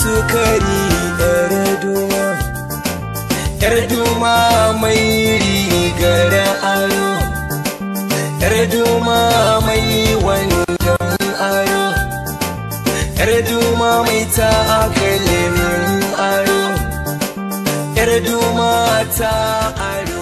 sukari yar duma yar duma mai rigara aro yar duma mai wandan aro yar duma mai ta akalin aro yar duma ta aro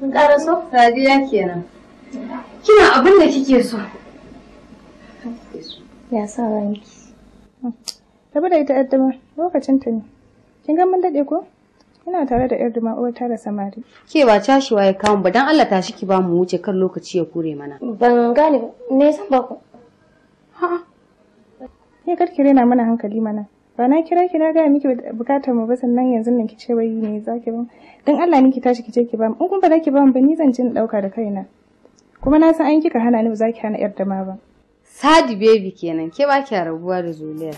Kin ƙara so? Radiya kenan. Kina abin da kike so. Ya sa ranki. Rabu da ita Arduma, lokacin ta ne. Kin ga mun daɗe ko? Ina tare da Arduma uwar tara samari. Ke ba cashewa ya kawo ba dan Allah tashi ki ba mu wuce kan lokaci ya kure mana. Ban gane ba, me san ba ku? Ha. Ne karki rena mana hankali mana. bana na kira ki na gaya miki bukatar mu ba sannan yanzu nan ki ce wai me zaki ba dan Allah ni ki tashi ki ki ba mu in kun ba za ki ba ban ni zan je na dauka da kaina kuma na san an kika hana ni ba za ki hana yar da ma ba Sadi baby kenan ke ba ki rabuwa da Zuliyar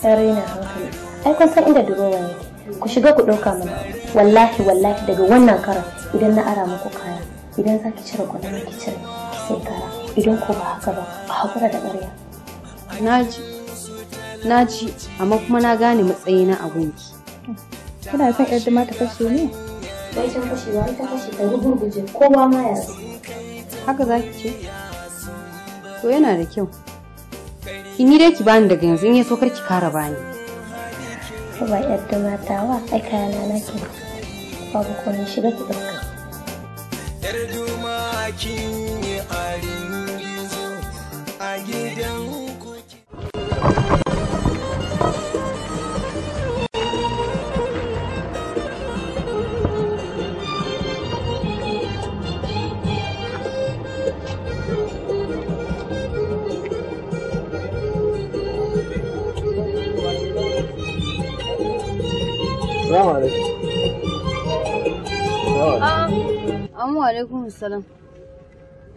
tarina hankali ai kun san inda duro yake ku shiga ku dauka mana wallahi wallahi daga wannan karan idan na ara muku kaya idan za ki cire kudin ki cire sai kara idan ko ba haka ba a hakura da ƙarya na na ji amma kuma na gane matsayina a gunki kana son yar dama ta kashe ne wai can kashewa ita kashe ta ko kowa ma ya haka za ki ce to yana da kyau ni dai ki bani daga yanzu in ya so kar ki kara bani ba yar da mata wa ai kayana na ke babu ni shiga ki ɗauka yar duma kin yi arin gizo a gidan ku Assalamu alaikum. Amma alaikum salam.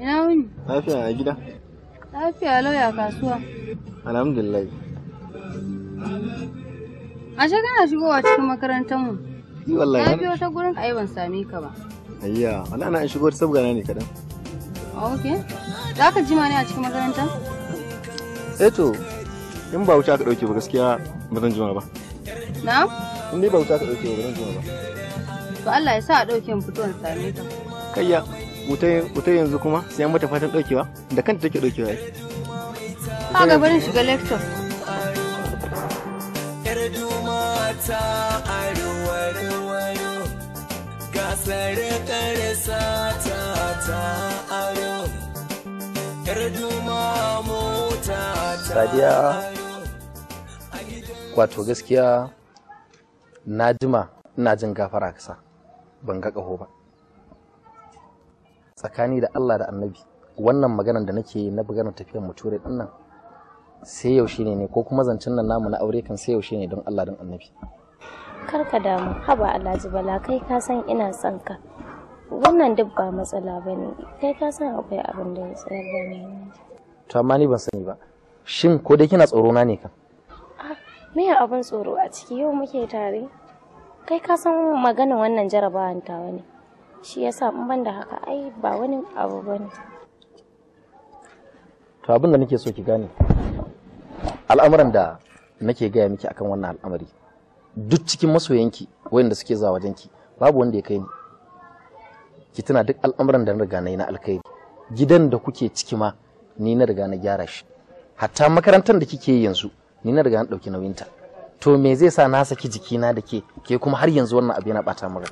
Ina wuni? Lafiya a gida. Lafiya lauya kasuwa. Alhamdulillah. Ashe kana shigowa cikin makarantar mu. Ni wallahi. Na biyo ta gurin ai ban same ka ba. Ayya, wala na shigo ta sabgana ne kadan. Okay. Za ka jima ne a cikin makarantar? Eh to, in ba wuce aka dauke ba gaskiya ba zan jima ba. Na'am. in dai ba wuta ka ɗauke wa zan ba to Allah ya sa a ɗauke mu fito in same ta kayya wuta yanzu kuma sai an mata fatan ɗaukewa da kanta take ɗaukewa ai ka ga barin shiga lecture yar ta ta aro yar mota ta sadiya wato gaskiya na jima ina jin gafara kasa ban ga ƙaho ba tsakani da Allah da annabi wannan maganar da nake na maganar tafiyar muture din nan sai yaushe ne ne ko kuma zancen nan namu na aure kan sai yaushe ne don Allah don annabi karka damu haba alhaji bala kai ka san ina son ka wannan duk ba matsala ba ne kai ka san akwai abin da ya tsayar da ni to amma ni ban sani ba shin ko dai kina tsoro na ne kan Me abin tsoro a ciki yau muke tare? Kai ka san magana wannan jarabawan ta wani Shi yasa in ban da haka ai ba wani abu bane. To abin da nake so ki gane. Al'amuran da nake gaya miki akan wannan al'amari. Duk cikin masoyanki wayanda suke zuwa wajenki babu wanda ya kai ni. Ki tuna duk al'amuran da na riga na na alkhairi. Gidan da kuke ciki ma ni na riga na gyara shi. Hatta makarantar da kike yi yanzu ni na riga na ɗauki ta to me zai sa na saki jikina da ke ke kuma har yanzu wannan abu yana bata mura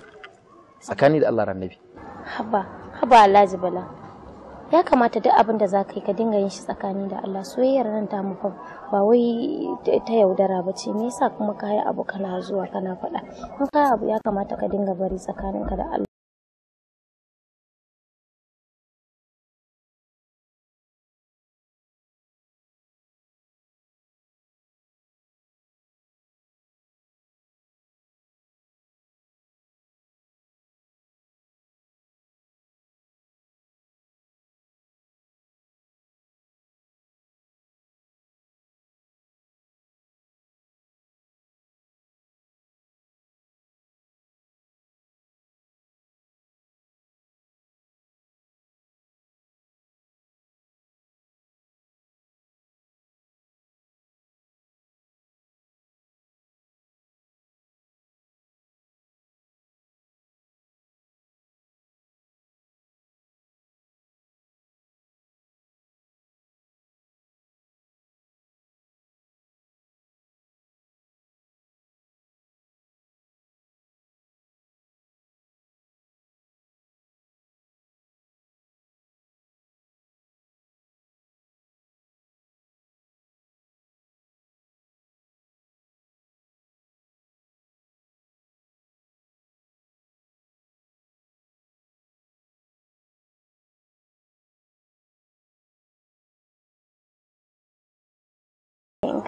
tsakani da Allah rannabi haba haba Alhaji Bala ya kamata duk abin da zaka yi ka dinga yin shi tsakani da Allah soyayyar nan ta mu ba wai ta yaudara ba ce me yasa kuma ka abu kana zuwa kana faɗa in ka abu ya kamata ka dinga bari tsakaninka da Allah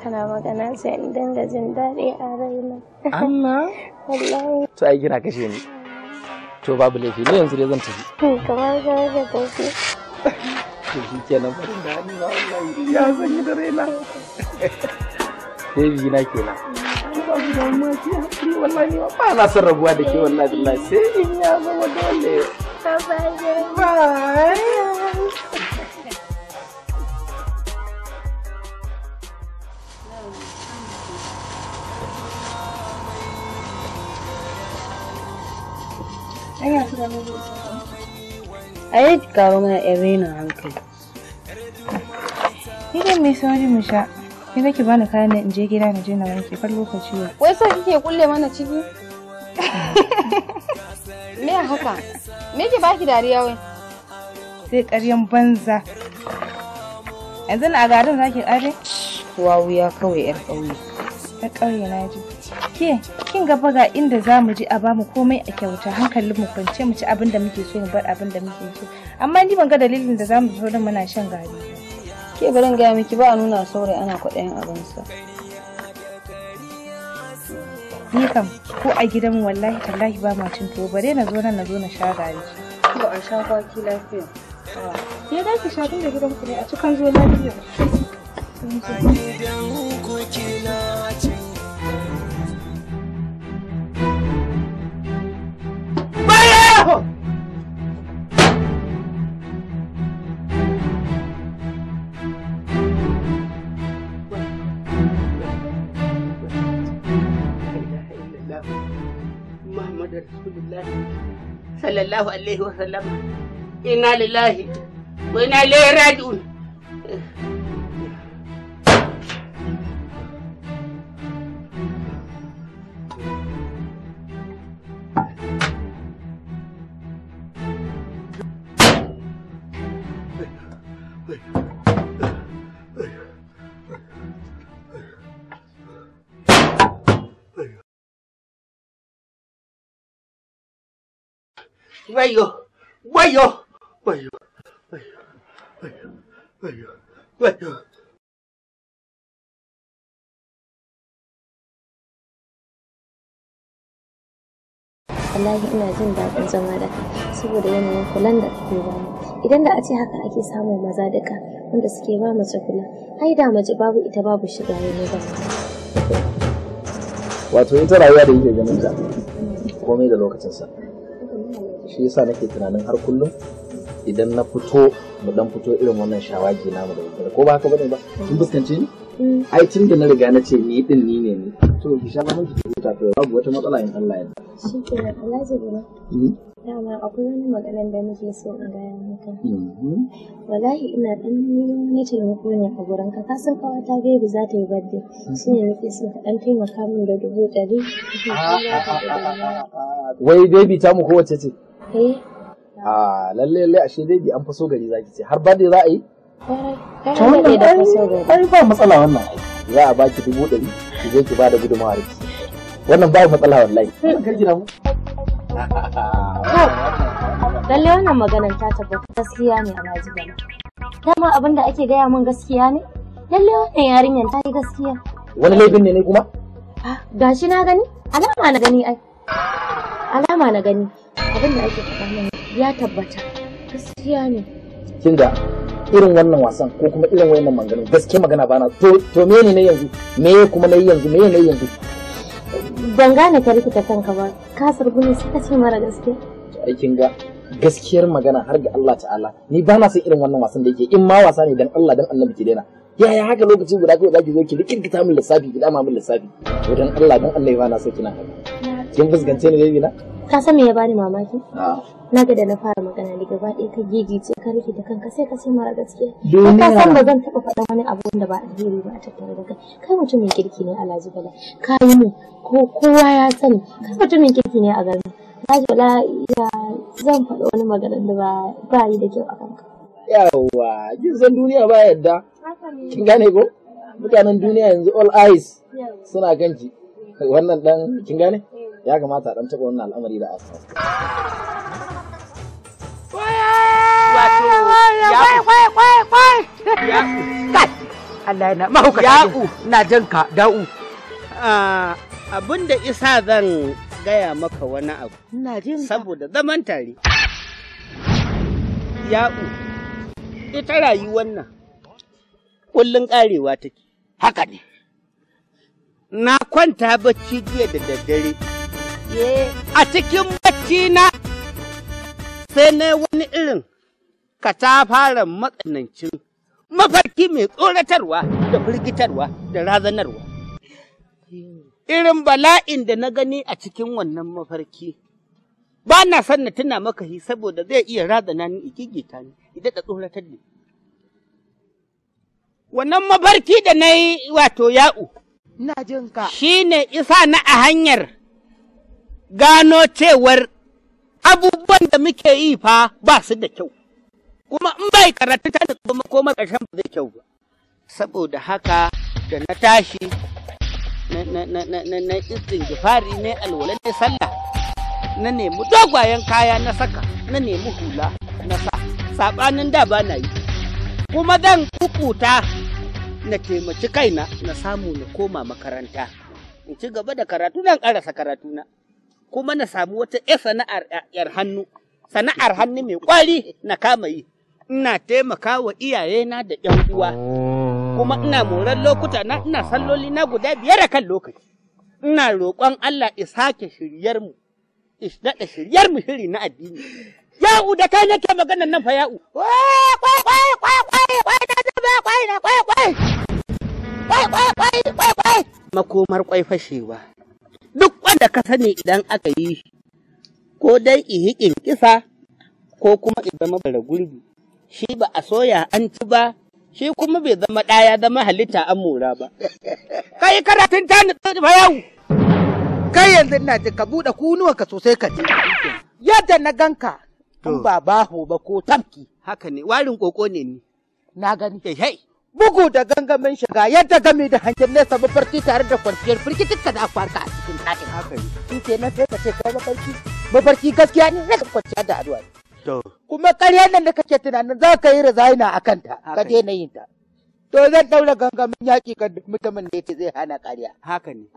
kana magana sai in dinga jin daɗi a raina. Allah? Wallahi. To ai kashe ni. To babu laifi ne yanzu dai zan tafi. Hmm, kamar ka tafi. To shi kenan farin ni ba wallahi ya san da raina. Baby na kenan. ba na son rabuwa da ke wallahi billahi sai in ya zama dole. bye. Bye. Hanya su da mai A yi karo mana yan rainin hankali. Idan mai sauri mu sha, ki ga ki bani kayan in je gida na je na wanke kar lokaci ne. Wai sai kike kulle mana ciki? Me haka? Me ke baki dariya wai? Sai ƙaryan banza. Yanzu na a garin zaki ƙare? Wawu ya kawai 'yar ƙauye. 'Yar ƙauye na ji. ke kin gaba ga inda za mu je a ba mu komai a kyauta hankalin mu kwance mu ci abin da muke so mu bar abin da muke so amma ni ban ga dalilin da za mu zo muna shan gari ke barin gaya miki ba a nuna saurayi ana kwaɗayin sa ni kam ko a gidanmu wallahi tallahi ba ma cin tuwo bare na zo nan na zo na sha gari ba a sha kwaki lafiya ya ki sha tun gidan ku ne a cikin zo lafiya a gidan ku kila ce sallallahu alaihi wasallam inna lillahi wa inna ilaihi raji'un wayo wayo ina jin daɗin zama da saboda yanayin kulan da kake ba idan da a ce haka ake samun maza duka wanda suke ba mace kula ai da mace babu ita babu shiga ne ba wato ita rayuwa da yake ganin ta komai da sa. shi yasa nake tunanin har kullum idan na fito mu dan fito irin wannan shawagi mu da daddare ko ba haka bane ba kin fuskance ni mm. ai tun da na riga na ce ni din ni ne ni to ki sha mamaki ki huta to babu wata matsala in Allah ya yarda shi ke alhaji ne hmm? dama akwai wani matsalan da nake so in gaya maka hmm. wallahi ina dan na taimako ne a gurin ka ka san kawai ta gaibi za ta yi birthday hmm. shi ne nake so ka dan taimaka min da dubu dari. Ah, ah, ah, wai baby ta mu kowace ce Eh. a lalle lalle ashe dai bi an faso gari zaki ce har ba dai za a yi ta wannan ai ba matsala wannan za a baki dubu ɗari ki je ki bada gudunmawar ki wannan ba matsala wallahi eh. kar gina mu lalle wannan maganar ta tabbata gaskiya ne a Najeriya dama abin da ake gaya min gaskiya ne lalle wannan yarinyar ta yi gaskiya wani laifin ne ne kuma ah, gashi na gani alama na gani ai alama na gani abin da ake faɗa min ya tabbata gaskiya ne kin ga irin wannan wasan ko kuma irin wannan maganganu gaskiya magana bana to to me ne yanzu me kuma na yanzu me ne yanzu ban gane ka rikita kanka ba ka sarguni suka ce mara gaskiya aikin ga gaskiyar magana har ga Allah ta'ala ni ba na son irin wannan wasan da yake in ma wasa ne dan Allah dan annabi ki daina yaya haka lokaci guda kawai zaki zo ki rikirkita min lissafi ki dama min lissafi to dan Allah dan Allah ba na so kina haka kin fuskance ni baby na ka san me ya bani mamaki ah. na ga da na fara magana da gaba ɗaya ka gigice ka rike da kanka sai ka ce mara gaskiya ka san ba zan taɓa faɗa wani abu da ba alheri ba a tattare da kai kai mutumin kirki ne alhaji bala ka yi mu ko kowa ya sani mutum mutumin kirki ne a garin alhaji bala ya zan faɗa wani magana da ba ba yi da kyau a kanka yawa jin san duniya ba yadda kin gane ko mutanen duniya yanzu all eyes suna kanki wannan dan kin gane ya kamata a ɗan taɓa wannan al'amari da asa. Wato, Allah Ya'u, na jan ka, da'u. Abinda isa zan gaya maka wani abu. Saboda zaman tare. Ya'u, ita rayu wannan. kullum ƙarewa take. Haka ne. Na kwanta bacci jiya da daddare. A cikin bacci na sai na wani irin ka ta fara matsanancin mafarki mai tsoratarwa da firgitarwa da razanarwa. Irin bala'in da na gani a cikin wannan mafarki, ba na son na tuna maka shi saboda zai iya razana ni igigita ni, idan da tsoratar ni. Wannan mafarki da na yi wato ya'u, shi ne isa na a hanyar gano cewar abubuwan da muke yi fa ba su da kyau, kuma in bai karatu ta da kuma koma ƙarshen ba zai kyau ba. Saboda haka da na tashi na izin gifari ne alwala ne sallah na nemi dogwayen kaya na saka na nemi hula na sa saɓanin da ba na yi kuma zan kukuta na taimaci kaina na samu na koma makaranta in ci gaba da karatu nan ƙarasa karatuna. kuma na samu wata ƴar sana'ar yar hannu sana'ar hannu mai kwari na kama yi ina taimaka wa iyayena da ƴan uwa kuma ina moran lokuta na ina salloli na guda biyar a kan lokaci ina roƙon Allah sake shiryar mu shiryar mu shiri na addini ya'u da kai nake maganar nan fa ya'u kwai kwai kwai kwai kwai ta zama kwai na kwai kwai kwai kwai kwai kwai makomar kwai fashewa duk wanda ka sani idan aka yi shi ko dai ihikin kisa ko kuma zama bara gurbi shi ba a soya an ci ba shi kuma bai zama ɗaya zama halitta an mora ba kai karatun ta ni ba yau kai yanzu ina ji ka buɗe kunuwa ka sosai ka ji yadda na ganka in ba baho ba ko tamki haka ne warin koko ne ni na gani eh, hey bugu da gangamin shiga yadda gami da hangen nesa mafarki tare da kwanciyar firgitinka da akwarka a cikin ɗakin. Haka yi. Shi na fesa ce kai mafarki. Mafarki gaskiya ne na kwanciya da addu'a. Kuma karyar nan da kake tunanin za ka yi rizaina a kanta ka daina yin ta. To zan ɗaura gangamin yaƙi ga mutumin da ya ce zai hana karya. Haka ne.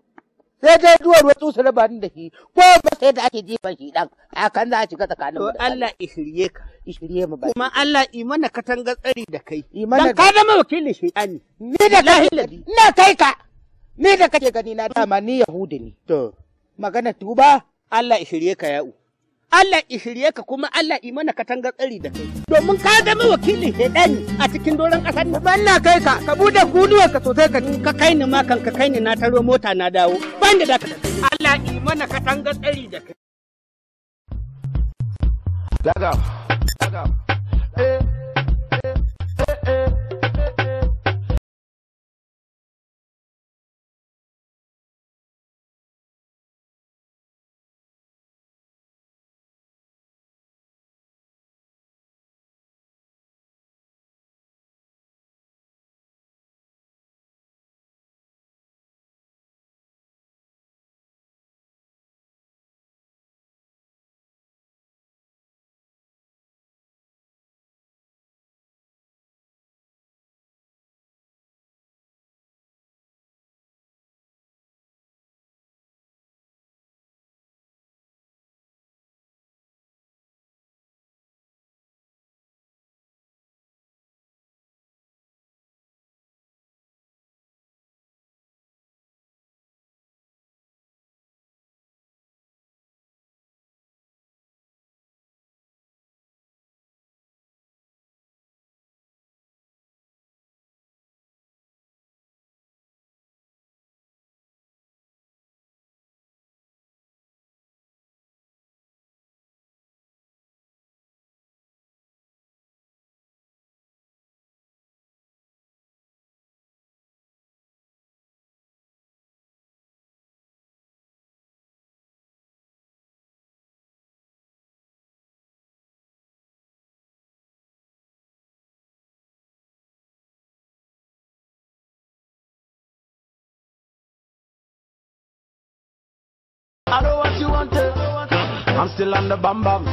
sai dai duwar wasu tsusa raba da shi ko ba sai da ake jefa shi dan kan za a shiga tsakanin mu Allah i shirye ka i shirye mu ba kuma Allah imana ka katanga tsari da kai dan ka zama wakilin shaytani ni da kai na kai ka ni da kake gani na dama ni yahudi ne to magana tuba Allah i shirye ka ya'u Allah ishirye ka kuma Allah i mana katangar tsari da kai. Domin ka zama wakilin hedani a cikin doron ƙasar nan. Bana kai ka, ka bude guduwar ka sosai ka ka kai ni ma kan ka kai ni na taro mota na dawo. Ban da zaka Allah i mana katangar tsari da kai. Daga. Daga. Eh. I'm still on the bam bam.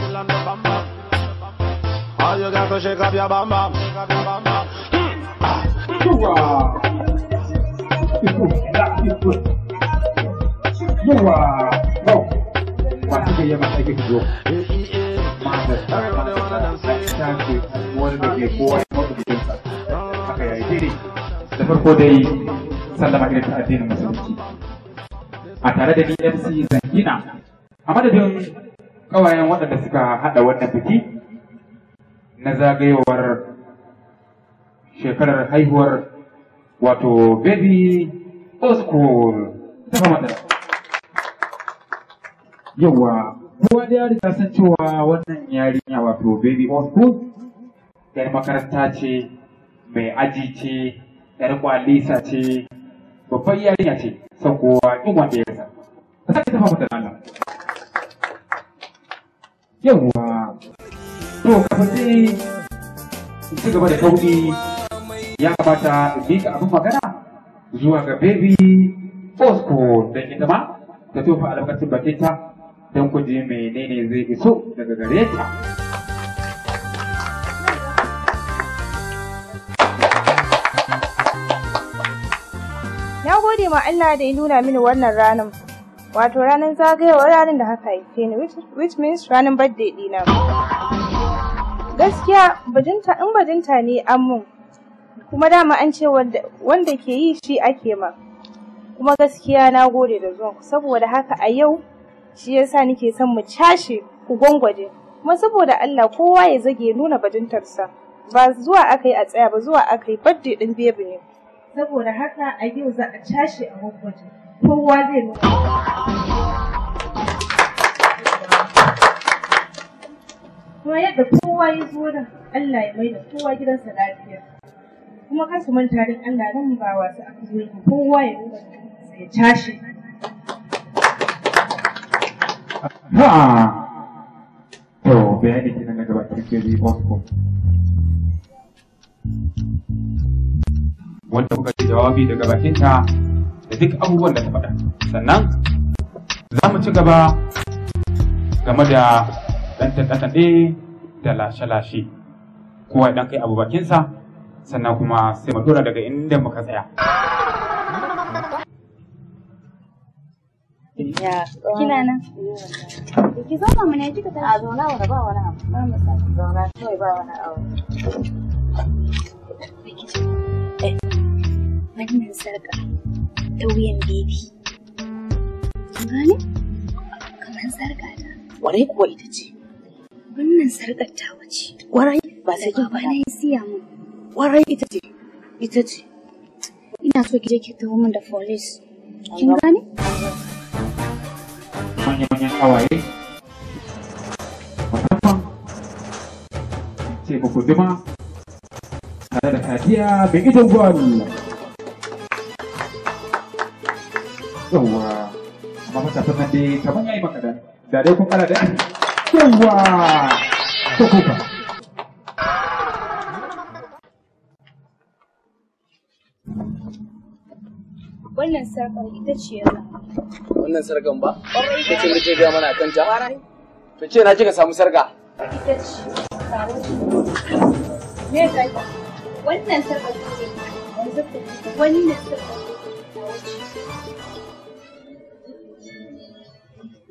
All you got to shake up your bam bam. Hurrah! Hurrah! No. Masih kaya masih kaya bro. Everybody wanna dance. Thank you. Wanna be a boy. Okay, I did it. Da farko dai sallama ga addinin musulunci. A tare da DMC Zankina a madadin ƙawayen waɗanda suka haɗa wannan biki na zagayowar shekarar haihuwar wato baby oskol ta madara yawa kowa da ya riga san cewa wannan yarinya wato baby oskol yar makaranta ce mai aji ce yar kwalisa ce babban yarinya ce san kowa in wanda ya rasa ta ta fama da Allah Yau, to kafin dai in ci gaba da kaudi ya kamata in miƙa abin magana zuwa ga baby Osko don ita ma ta tofa albarkacin bakinta don ku ji menene zai iso daga gare ta. Na gode ma Allah da ya nuna mini wannan ranar. wato ranar zagayowar ranar da haka haife ni which means ranar birthday dina gaskiya bajinta in bajinta ne an mun kuma dama an ce wanda ke yi shi ake ma kuma gaskiya na gode da zuwan saboda haka a yau shi yasa nake son mu cashe ku gwangwaje kuma saboda Allah kowa ya zage nuna bajintarsa ba zuwa aka yi a tsaya ba zuwa aka yi birthday din bebi ne saboda haka a yau za a cashe a gwangwaje kowa zai ga kuma yadda kowa ya zo da Allah ya mai da kowa gidansa lafiya kuma kar su manta da Allah nan ba wasu aka zo yi kowa ya zo ya tashi ha to bayani kenan daga bakin gari Moscow wanda kuka ji jawabi daga bakinta da duk abubuwan da ta faɗa sannan za mu ci gaba game da ɗan da lashe-lashe kowa idan kai abu bakinsa sannan kuma sai mu dora daga inda muka tsaya kina nan ki zo mu ne kika ta ba wani abu ba mu sa kai ba wani abu eh magana sarka ta wuyan bebi. Gane? Kamar sarƙa ta. Warai kuwa ita ce. Wannan sarƙar ta wace. Warai ba sai kin faɗa. Bana siya mu. Warai ita ce. Ita ce. Ina so ki je ki taho min da police. Kin gane? Manya-manyan hawaye. Musamman. Sai ba ku zama. Tare da kadiya mai ita gwari. yawwa amma matasan nan dai kamar yayi maka dan da dai kun kara da yawwa to kuka wannan sarkar ita ce yana wannan sarkar ba ita ce muke ga mana akan ta to ce na ji ka samu sarka ita ce me kai wannan sarkar ce yanzu wani ne sarkar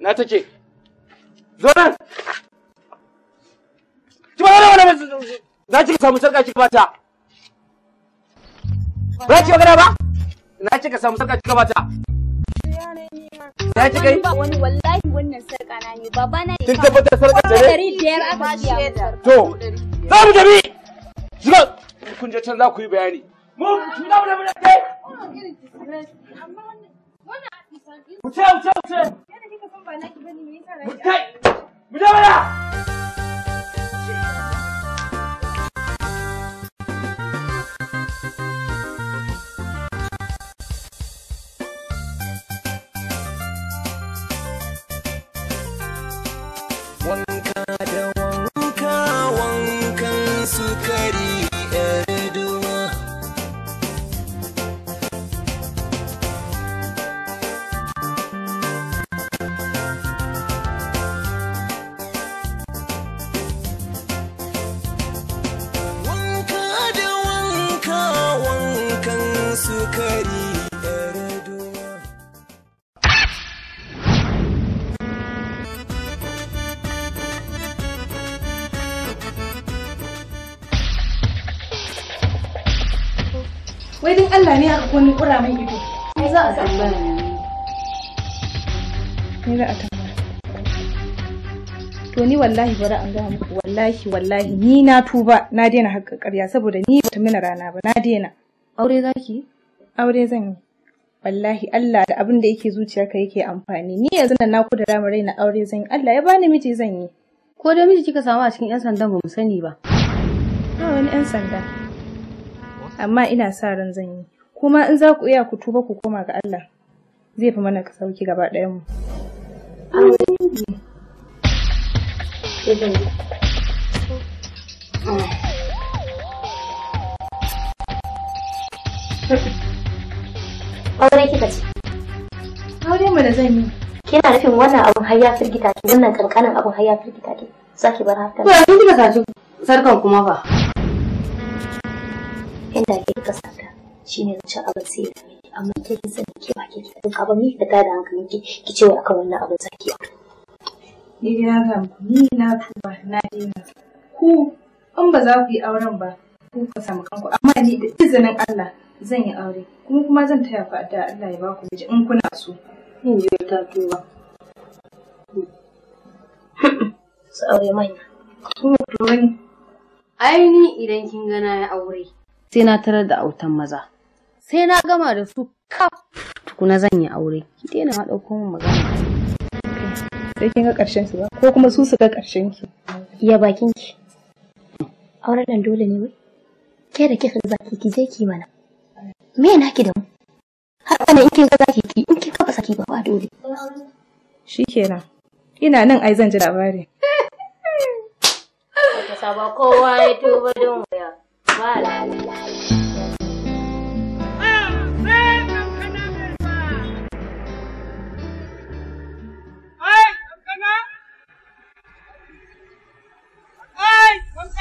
Na take. Zo nan. Ki ba wani wani za ki samu sarka ki bata. Ba ki magana ba? Na ki ka samu sarka ki bata. Na ki kai? Wani wallahi wannan sarka na ne baba na ne. Kin tabbatar sarka ta ne? To. Za mu tafi. Shiga kun je can za ku yi bayani. Mu ku da mu da mu da kai. Wuce wuce wuce. ba Mutai. wallahi bari an ga muku wallahi wallahi ni na tuba na daina haƙƙa ƙarya saboda ni ba ta mina rana ba na daina aure zaki aure zan yi wallahi Allah da abin da yake zuciyarka yake amfani ni yanzu nan na da ramar na aure zan yi Allah ya bani miji zan yi ko da miji kika samu a cikin yan sandan ba mu sani ba ba wani yan sanda amma ina sa ran zan yi kuma in za ku iya ku tuba ku koma ga Allah zai fi mana ka sauki gaba ɗayan mu 这是。Aure kika ce. Aure mana zan yi. Kina nufin wannan abun har ya firgita ki wannan kankanin abun har ya firgita ki. Saki bar haka. sarkan kuma ba. Inda ke kika sata shine zan abin sai ya amma ke kin sani ke ba ke kika duka ba mi fita da hankali, ki ce wa aka wannan abun saki. ni dai na ga ni na tuba na daina ku in ba za ku yi auren ba ku ka samu kanku amma ni da izinin Allah zan yi aure kuma kuma zan taya ku da Allah ya ba ku miji in kuna so in ji ta tuba su aure manya kuma tuwani ai ni idan kin ga na aure sai na tarar da autan maza sai na gama da su kaf tukuna zan yi aure ki daina ma ɗauko min magana sai kin ga ƙarshen su ba ko kuma su su ga ƙarshen ki iya bakin ki auren nan dole ne wai ke da kika zaki ki je ki mana me yana ki da mu har ana in kin ga zaki ki in kin kafa saki ba ba dole shikenan ina nan ai zan ji labari ba kowa ya tuba don waya ba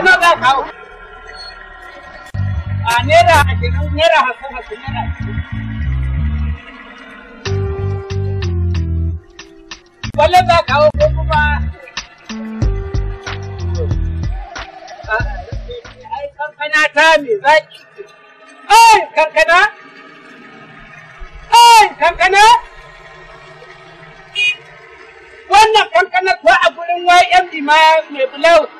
Nawa za ka A za ko kuma kankana ta me zaki. Ai, kankana? Ai, kankana? Wannan kankanar ba a gurin YMD ma mai blouse.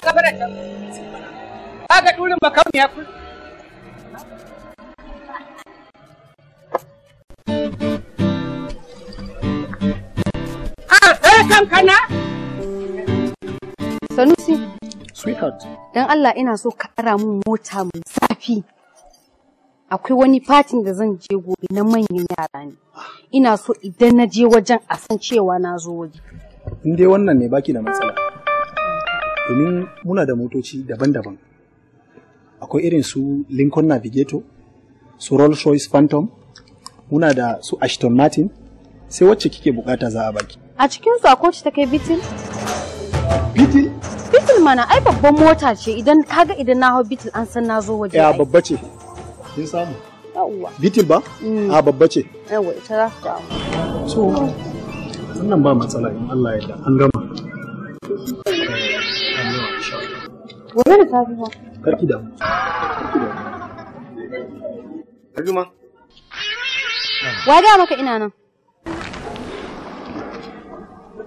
ka fara ta kaga durin makam ya ku ha Sanusi sweetheart dan Allah ina so ka ara mun mota mai safi akwai wani fatin da zan je gobe na manyan yara ne ina so idan na je wajen a san cewa na zo waje in wannan ne baki da matsala domin muna da motoci daban-daban akwai irin su lincoln navigator su rolls royce phantom muna da su ashton martin sai wacce kike bukata za a baki a cikin su akwai ta kai bitin bitin bitin mana ai babban mota ce idan kaga idan na hau bitin an san na zo waje ya eh, babba ce kin samu bitin ba mm. a ah, babba ce yawa ita za ka so wannan ba matsala in Allah ya da an Gobe da safe ba. Karki da. Karki da. Rajuma. Wa gaya maka ina nan?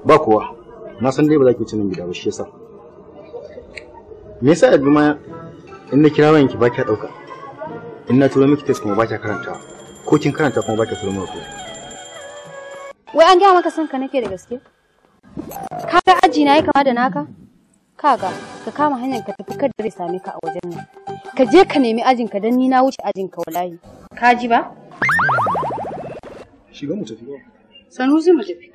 Ba kowa. Na san dai ba za ki ci nan gida ba shi yasa. Me yasa Rajuma in na kira wayanki ba kya dauka? In na turo miki test kuma ba kya karantawa. Ko kin karanta kuma ba kya turo miki. Wai an gaya maka son ka nake da gaske? Ka ga aji na yi kama da naka? Ka ga. ka kama hanyar ka tafi kada zai same ka a wajen nan ka je ka nemi ajin ka dan ni na wuce ajin ka wallahi ka ji ba shiga mu tafi ba zai mu tafi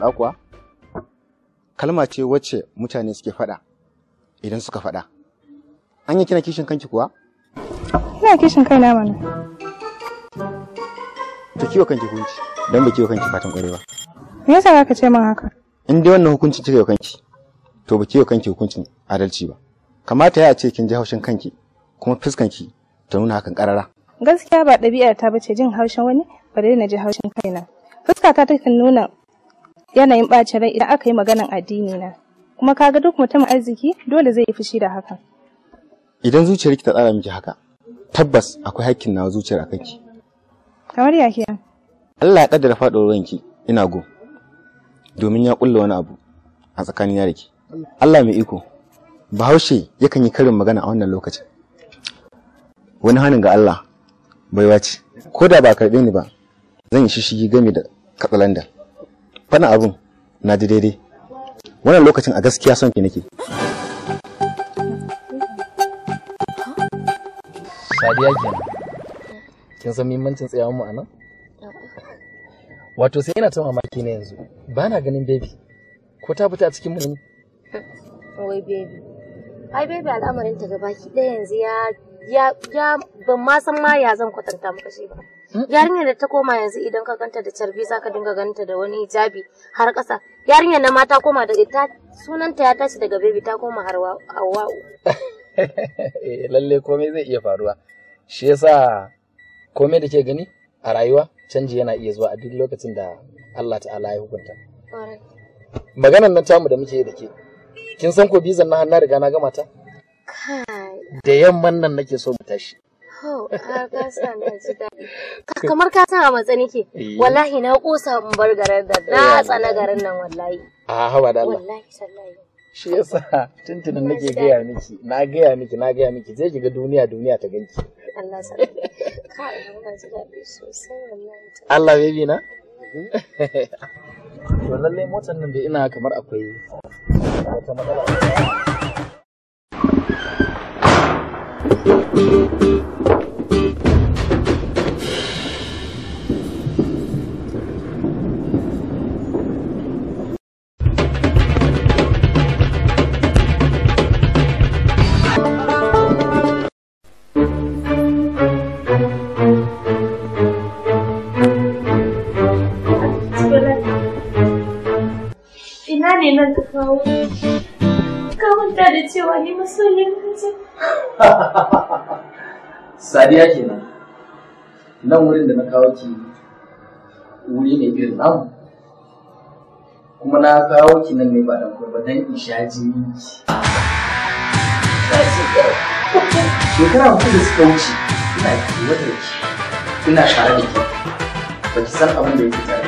faɗa kuwa kalma ce wacce mutane suke faɗa idan suka faɗa an yi kina kishin kanki kuwa ina kishin kai na mana ta kiwo kanki hunci, don ba kiwo kanki fatan ƙwarewa me yasa ka ce min haka in dai wannan hukuncin kika yi kanki to ba kiwo kanki hukuncin adalci ba kamata ya ce kin ji haushin kanki kuma fuskanki ta nuna hakan ƙarara. gaskiya ba ɗabi'ar ta bace jin haushin wani ba dai na ji haushin kaina fuskata ta kan nuna yanayin ɓacin rai idan aka yi maganan addini na kuma ga duk mutumin arziki dole zai yi fushi da hakan idan zuciyar ki ta tsara miki haka tabbas akwai hakkin na zuciyar a kanki kamar ya ke. Allah ya kaddara faɗuwar ranki ina go domin ya kulle wani abu a tsakanin da ke Allah mai iko Bahaushe yakan yi karin magana a wannan lokacin wani hannun ga Allah baiwa ce ko da ba karɓe ni ba zan yi shishigi game da katsalandan fana abun na ji daidai wannan lokacin a gaskiya son ki nake sadiya kenan kin san mimmancin tsayawar mu a nan wato sai ina ta mamaki ne yanzu ba na ganin baby ko ta fita a cikin mu wai baby ai baby al'amarin ta ki ɗaya yanzu ya ya ban ma san ma ya zan kwatanta maka shi ba yarinyar da ta koma yanzu idan ka ganta da carbi zaka dinga ganta da wani hijabi har ƙasa yarinyar na ma ta koma daga ta sunanta ya tashi daga baby ta koma har hawa'u eh, lalle komai zai iya faruwa shi yasa komai da ke gani a rayuwa canji yana iya zuwa a duk lokacin da Allah ta'ala ya hukunta Maganar nan tamu da muke da ke kin san ko bizan na hannar riga na gama ta da yamman nan nake so mu tashi kamar ka sa a matsa nake eh. wallahi na kusa in bar garin da na eh, tsana garin nan wallahi a ah, hawa da Allah wallahi sallahi shi yasa tuntunin nake gaya miki na gaya miki na gaya miki zai kiga duniya duniya ta ganki Allah sallahi ka ga ji daɗi sosai wallahi Allah baby na to lallai motar nan da ina kamar akwai wata matsala Thank you. nan ka kawo ka da cewa ni masoyin kace sadiya kenan nan wurin da na kawo ki wuri ne irin namu kuma na kawo ki nan ne ba dan kurba dan in sha jini ki shekara hudu da suka wuce ina kiwatar ki ina tare da ki ba ki san abin da yake tare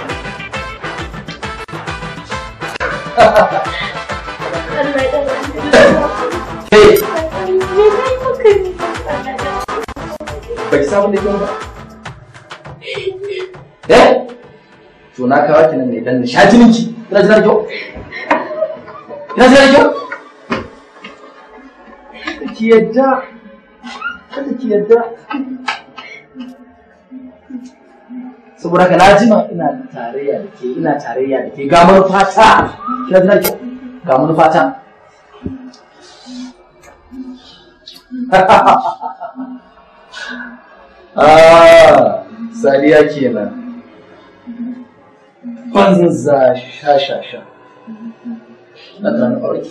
Bai samu ba. To na kawo ki dan Kina kyau? Kina kyau? Ki yadda. Kada ki yadda. saboda ka lajima ina tarayya da ke ina tarayya da ke ga manufa ta kina tana ki ga manufa ta ah, sadiya sha sha sha na ɗan ɗauki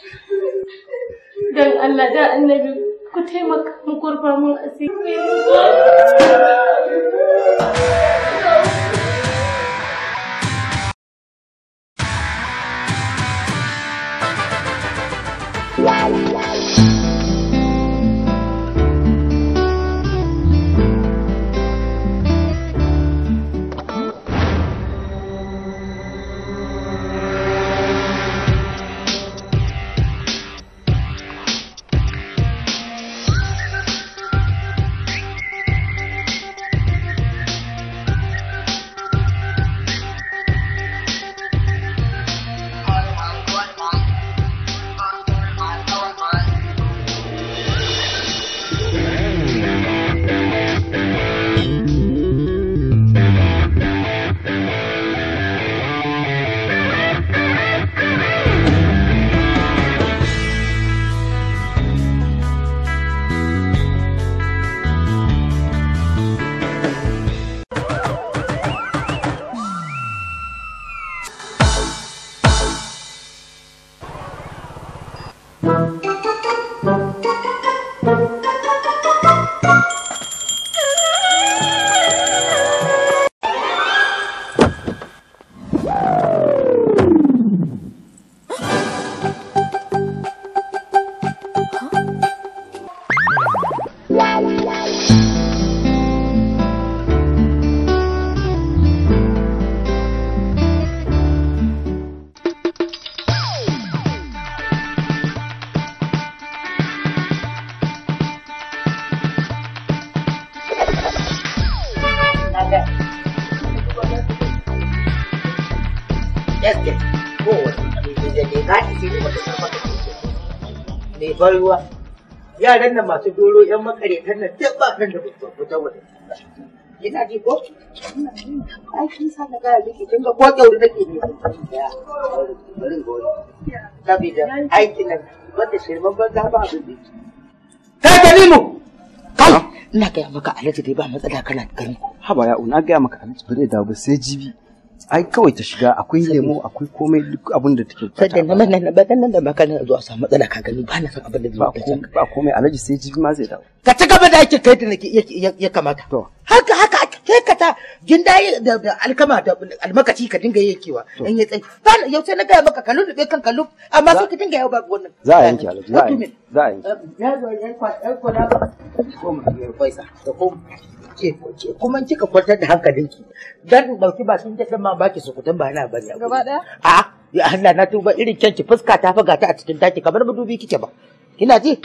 dan Allah da annabi ku taimaka mu kurfa mun asiri babban ruwa yaran nan masu doro yan makaretan nan duk ba kan da fita wata ina ji ko ai kin sa na ga liki kin ga ko wuri take ne bari gori sabida aikin nan da shirman banza ba su bi ta kalimu kai ina gaya maka alhaji dai ba matsala kana gani haba ya'u na gaya maka alhaji bare da ba sai jibi ai kawai ta shiga akwai lemo akwai komai duk abin da take fata sai da nan nan ba nan da ba kana zuwa samu matsala ka gani ba na san abin da zai fita ba komai alaji sai jibi ma zai dawo ka ci gaba da ake kai da nake ya kamata to haka haka kai ka ta gindaye da alkama da almakaci ka dinga yakewa in ya tsaye ba yau sai na ga maka ka lulube kan ka amma sai ka dinga yau ba wannan za a yanke alaji za a yanke za a yanke ya zo ya kwa ya kwa da ko mu ya kwaisa da ko ke in kuma kika kwantar da hankalinki dan dauki ba sun daɗin ma baki su kutan ba na bari gaba daya a ya Allah na tuba irin kyanki fuska ta faga ta a cikin taki kamar madubi kike ba kina ji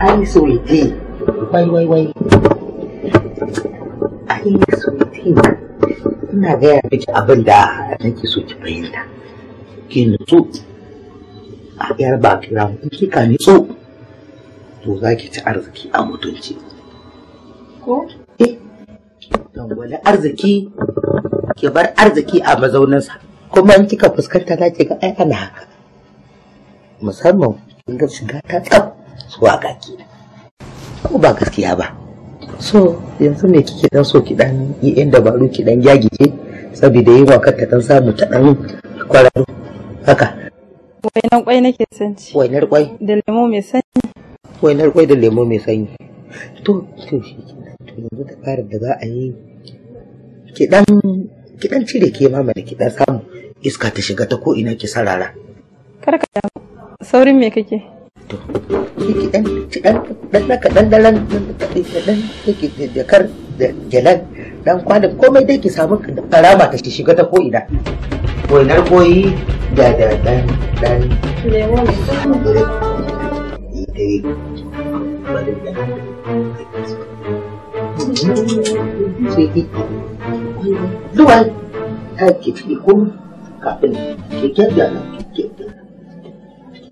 Ai so yi. Wai wai wai. ai sauti ina gaya miki abin da nake so ki fahimta ki nutsu a yar ba kira mu kika nutsu to za ki ci arziki a mutunci ko eh don wani arziki ki bar arziki a mazauninsa kuma in kika fuskanta za ki ga ai ana haka musamman kin ga shiga ta tsaf zuwa gaki ko ba gaskiya ba so yanzu me kike dan so ki dan yi yan dabaru ki dan gyagije saboda yi wakar ta dan samu ta dan kwararo haka wainar kwai nake son ci wainar kwai da lemo mai sanyi wainar kwai da lemo mai sanyi to to shi to yanzu da fara da za a yi ki dan ki dan cire ke ma da ki dan samu iska ta shiga ta ko ina ki sarara karka saurin me kake to kiki dan ci dan dan naka dan dalan dan kiki da kar da jalan dan kwalin komai dai ki samu karama ta shiga ta ko ina wainar koyi da da dan dan lemon Duwai, ta ke ciki kuma kafin ke da nan.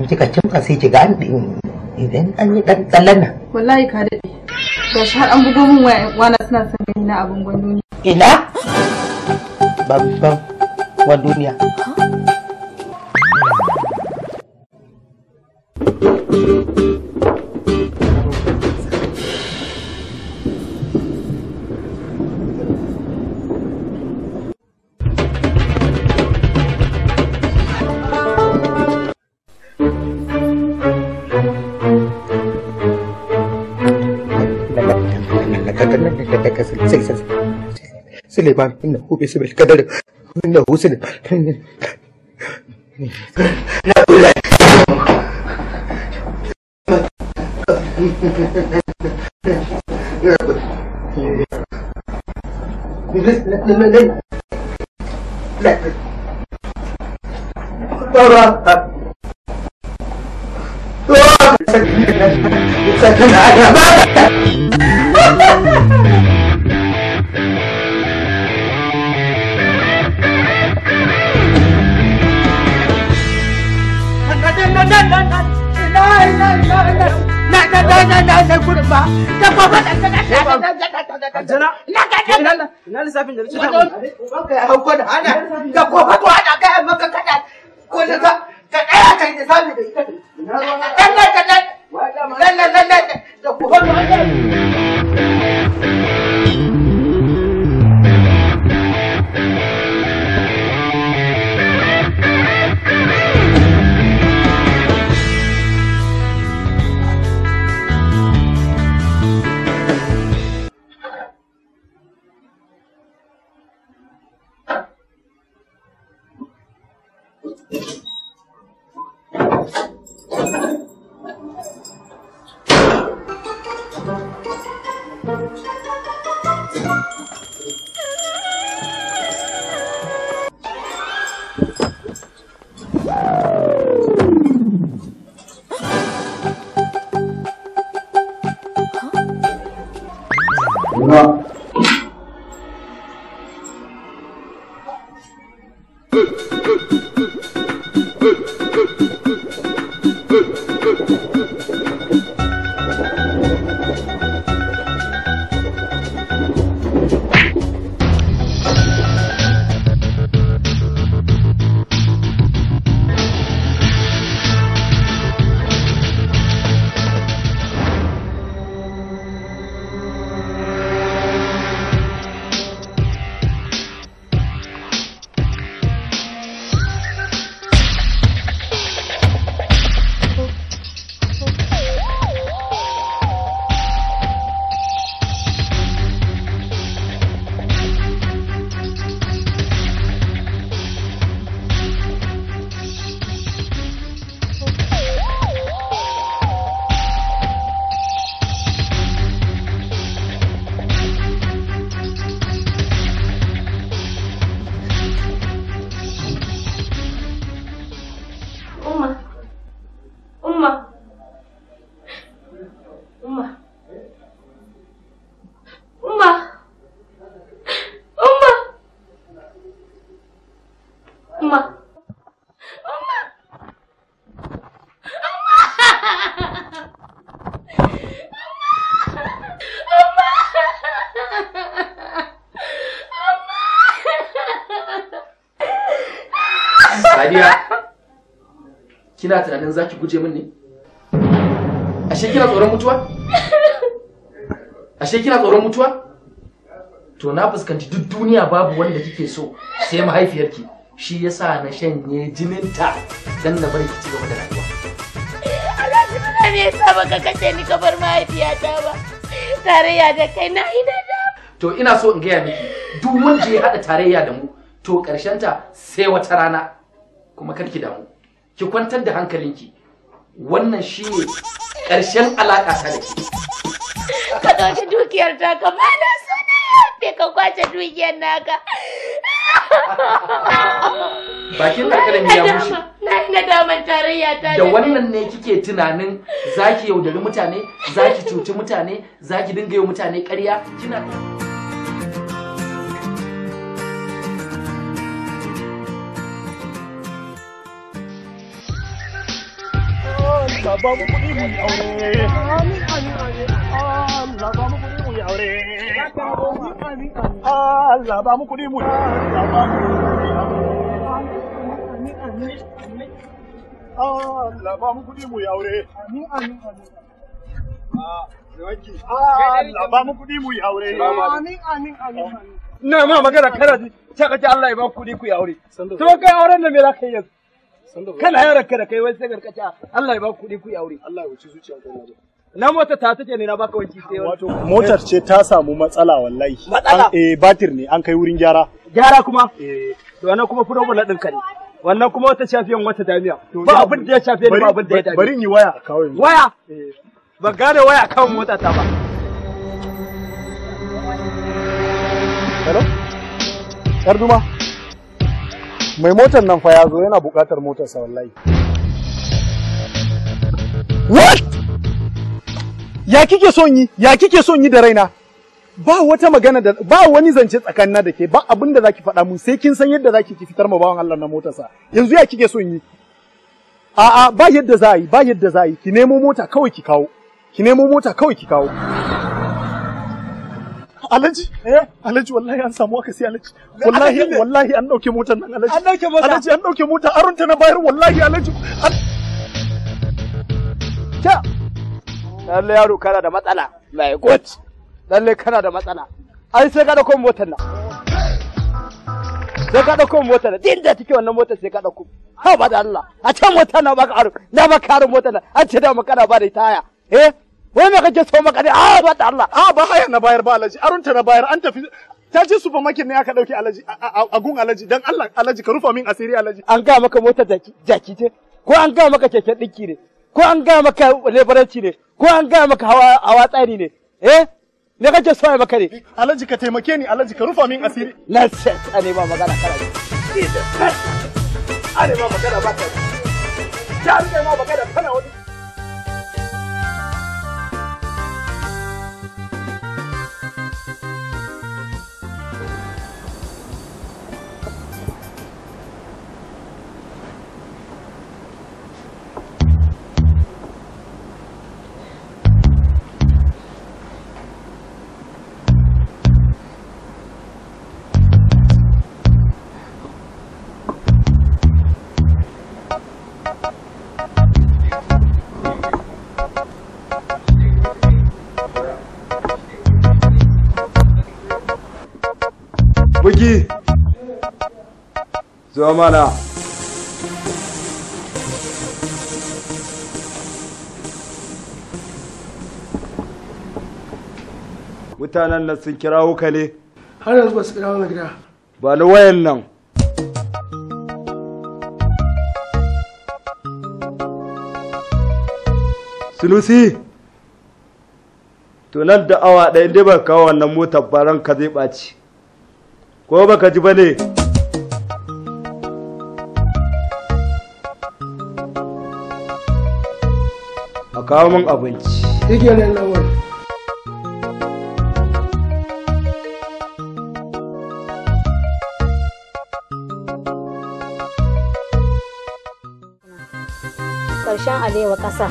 in kika kimtsa sai ki gani idan an yi dan tsallan nan wallahi ka dade ga shi har an bugo min waya wana suna son gani na abin gwandoni ina babban wa duniya Thank you. سليمان إنه باسم الكذب إنه سليمان نقول لك لا لا لا لا لا لا لا لا لا Ina lissafin da ka ya da da not kina tunanin zaki guje min ne ashe kina tsoron mutuwa ashe kina tsoron mutuwa to na fuskanci duk duniya babu wanda kike so sai mahaifiyarki shi yasa na shanye jininta dan na bar ki ci gaba da rayuwa Alhaji muna me yasa baka kace ni ka bar mahaifiyata ba tarayya da kai na ina da to ina so in gaya miki duk wanda ya hada tarayya da mu to karshen ta sai wata rana kuma karki damu ki kwantar da hankalinki wannan shi ne karshen alaƙa ta da ke ka ɗauki dukiyar ta ka na suna bai ka kwace dukiyar naka bakin da kalami mushi na ina daman tarayya ta da wannan ne kike tunanin zaki yaudari mutane zaki cuci mutane zaki dinga yi mutane ƙarya kina ka ba mu aure amin amin amin Allah ba mu kuɗi mu yi aure amin amin amin Allah yi aure amin amin amin ma magana ji Allah ya ba kuɗi ku yi aure to kai auren da me za ka yi yanzu kana yaran ka da kai wai sai garkata Allah ya ba ku kuɗi ku yi aure Allah ya wuce zuciyanka na na mota ta take ne na baka wanki sai wato motar ce ta samu matsala wallahi matsala eh batir ne an kai wurin gyara gyara kuma eh to wannan kuma problem din ka ne wannan kuma wata shafiyan wata damiya ba abin da ya shafe ni ba abin da ya dame bari in yi waya kawai waya eh. ba gane waya kawo mota ta ba hello yar duma mai motar nan fa ya zo yana buƙatar motarsa wallahi what ya kike son yi ya kike son yi da raina ba wata magana da ba wani zance tsakanina da ke ba abin da zaki faɗa mun sai kin san yadda zaki ki fitar ma bawan Allah na motarsa yanzu ya kike son yi a'a ba yadda za yi ba yadda za yi ki nemo mota kawai ki kawo ki nemo mota kawai ki kawo Alhaji? Eh? Alhaji wallahi an samu aka sai Alhaji. Wallahi wallahi an dauke motar nan Alhaji. An dauke mota. Alhaji an dauke mota aron ta na bayar wallahi Alhaji. Ta. Lalle yaro kana da matsala. Lai gut. Lalle kana da matsala. Ai sai ka dauko motar nan. Sai ka dauko motar nan. Din da take wannan motar sai ka dauko. Ha ba da Allah. A can motar na baka aro. Na baka aro motar nan. An ce da mu kana ba da taya. Eh? wai me kake so maka ne a ah, ba ta Allah a ah, ba haya na bayar ba alaji arunta na bayar an tafi ta ba supermarket ne aka dauki alaji a gun alaji dan Allah alaji ka rufa min asiri alaji an ga maka motar jaki ce ko an ga maka keke dinki ne ko an ga maka lebaranci ne ko an ga maka hawa hawa tsari ne eh me kake so maka ne alaji ka taimake ni alaji ka rufa min asiri na sai ne ba magana kana ne ba magana ba ta ta ne ma magana kana wani to mutanen nan sun kira wuka ne har yanzu ba su kira wani gida ba ni wayan nan sunusi tunan da awa ɗaya ne ba kawo wannan motar baran ka zai ɓaci ko baka ji ba ne kawo min abinci karshen alewa ƙasa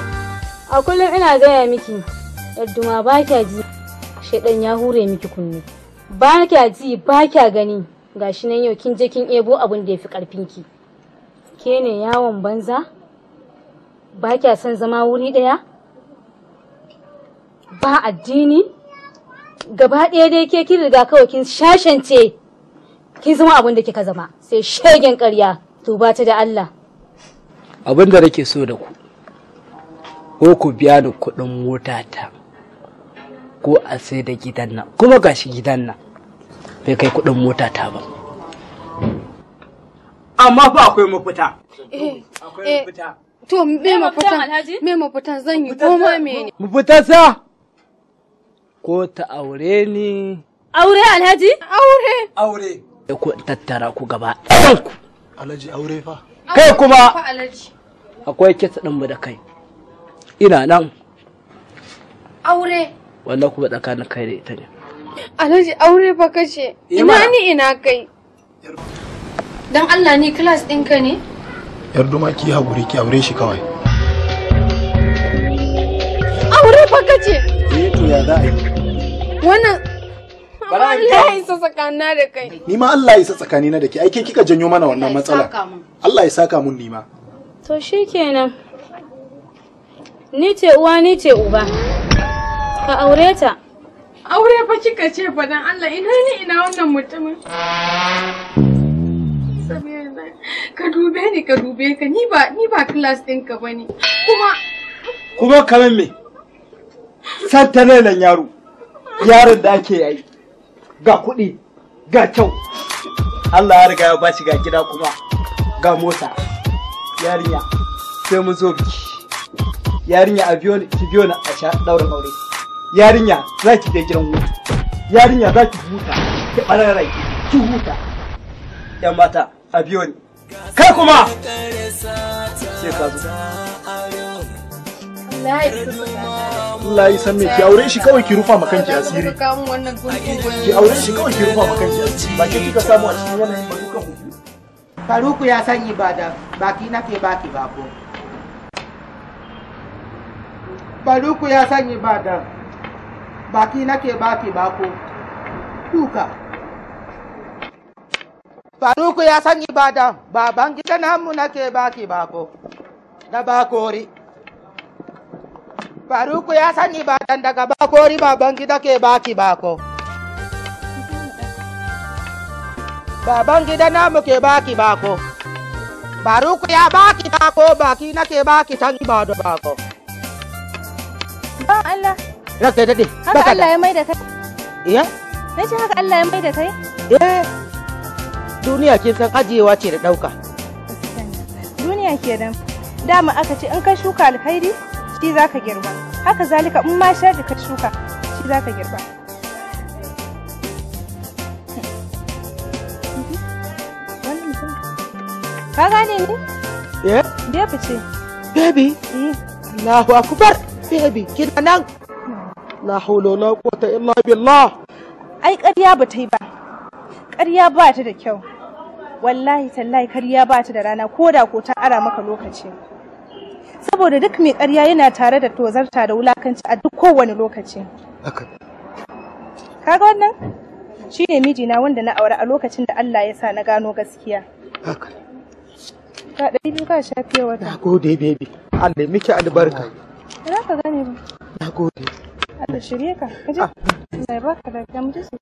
a kullum ina gaya miki yadduma ba kya ji shaidan ya hure miki kunne ba kya ji ba kya gani gashi nan yau kin je kin ebo abin da ya fi ƙarfinki ke ne yawon banza ba kya son zama wuri ɗaya ba addini gaba ɗaya dai ke kin riga kawai kin shashance kin zama abin da kika zama sai shegen ƙarya to ba ta da Allah abin da nake so da ku ko ku biya ni kuɗin motata ko a sai da gidan nan kuma gashi gidan nan bai kai kuɗin motata ba amma ba akwai mafita eh, akwai mafita eh. To me mafitan me mafitan zan yi koma mene? Mafitan sa ko ta aure ni. Aure Alhaji? Aure. Aure. Ya ku tattara ku gaba ku. Alhaji aure fa. Kai kuma akwai kisa mu da kai. Ina nan. Aure. Wannan kuma tsakanin kai da ita ne. Alhaji aure fa kace. Ina ni ina kai. Dan Allah ni class ɗinka ne? yar duma ki haƙuri ki aure shi kawai aure fa kace eh to ya za a yi wannan Allah ya isa tsakanina da kai ni ma Allah ya isa tsakanina da ke ai ke kika janyo mana wannan matsala Allah ya saka mun ni ma to shikenan ni ce uwa ni ce uba ka aure ta aure fa kika ce fa dan Allah ina ni ina wannan mutumin ka dube ni ka dube ka ni ba ni ba class din ba ne kuma kuma kamar me san ta nan yaro yaron da ake yi ga kuɗi ga kyau Allah ya riga ya bashi ga gida kuma ga mota yarinya sai mu zo biki yarinya a biyo ki biyo na a sha daura aure yarinya za ki je gidan hutu yarinya za ki huta ki ɓararai ki huta yan mata a biyo ni kai kuma sai ka zo Allah ya san me ki aure shi kawai ki rufa ma kanki asiri ki aure shi kawai ki rufa ma kanki asiri ba ki kika samu a cikin wannan ba dukan ku Faruku ya san ibada baki nake baki bako Faruku ya san ibada baki nake baki bako duka faruku ya san ibada baban gida namu nake baki bako da bakori faruku ya san ibadan daga bakori baban gida ke baki bako baban gida namu ke baki bako faruku ya baki bako baki nake baki can ibada bako ban Allah Raka daɗe. Haka Allah ya mai da kai. Iya? Na haka Allah ya mai da kai? Eh. duniya ke san ajiyewa ce da ɗauka duniya ke kenan dama aka ce in ka shuka alkhairi shi za ka girba haka zalika in ma sharri ka shuka shi za ka girba ka gane ni? eh baby ce baby? Eh. Allahu akbar baby kina nan la hawla wala quwwata illa billah ai ƙarya ba ta yi ba ƙarya ba ta da kyau wallahi tallahi ƙarya ba ta da rana ko da ko ta ara maka lokaci saboda duk mai ƙarya yana tare da tozarta da wulakanci a duk kowane lokaci kaga wannan shi ne mijina wanda na aure a lokacin da Allah ya sa na gano gaskiya ka ɗari biyu ka shafiya wata na gode baby Allah miki albarka ba za ka gane ba na gode Allah shirye ka. Kaje. Ah. baka da gamji su.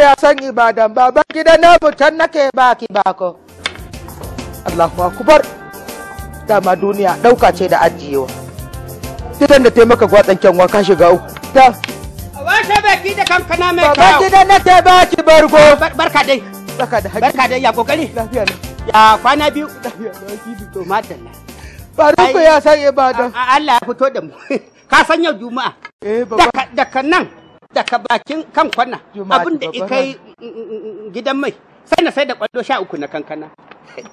ya san ibadan baba gida na fitan nake baki bako. Allahu akbar. Dama duniya dauka ce da ajiyewa. Titan da taimaka gwatsan kyanwa ka shiga uku. Ta. Washe baki da kankana mai kyau. Baba gida na ta baki bargo. Barka dai. Barka da Barka dai ya kokari. Lafiya ne. Ya kwana biyu. Lafiya ne. To ya san ibadan. Allah ya fito da mu. ka san yau juma'a eh, daga nan daga bakin kan kwana abin da kai mm, mm, mm, gidan mai sai na sai da kwallo sha uku na kankana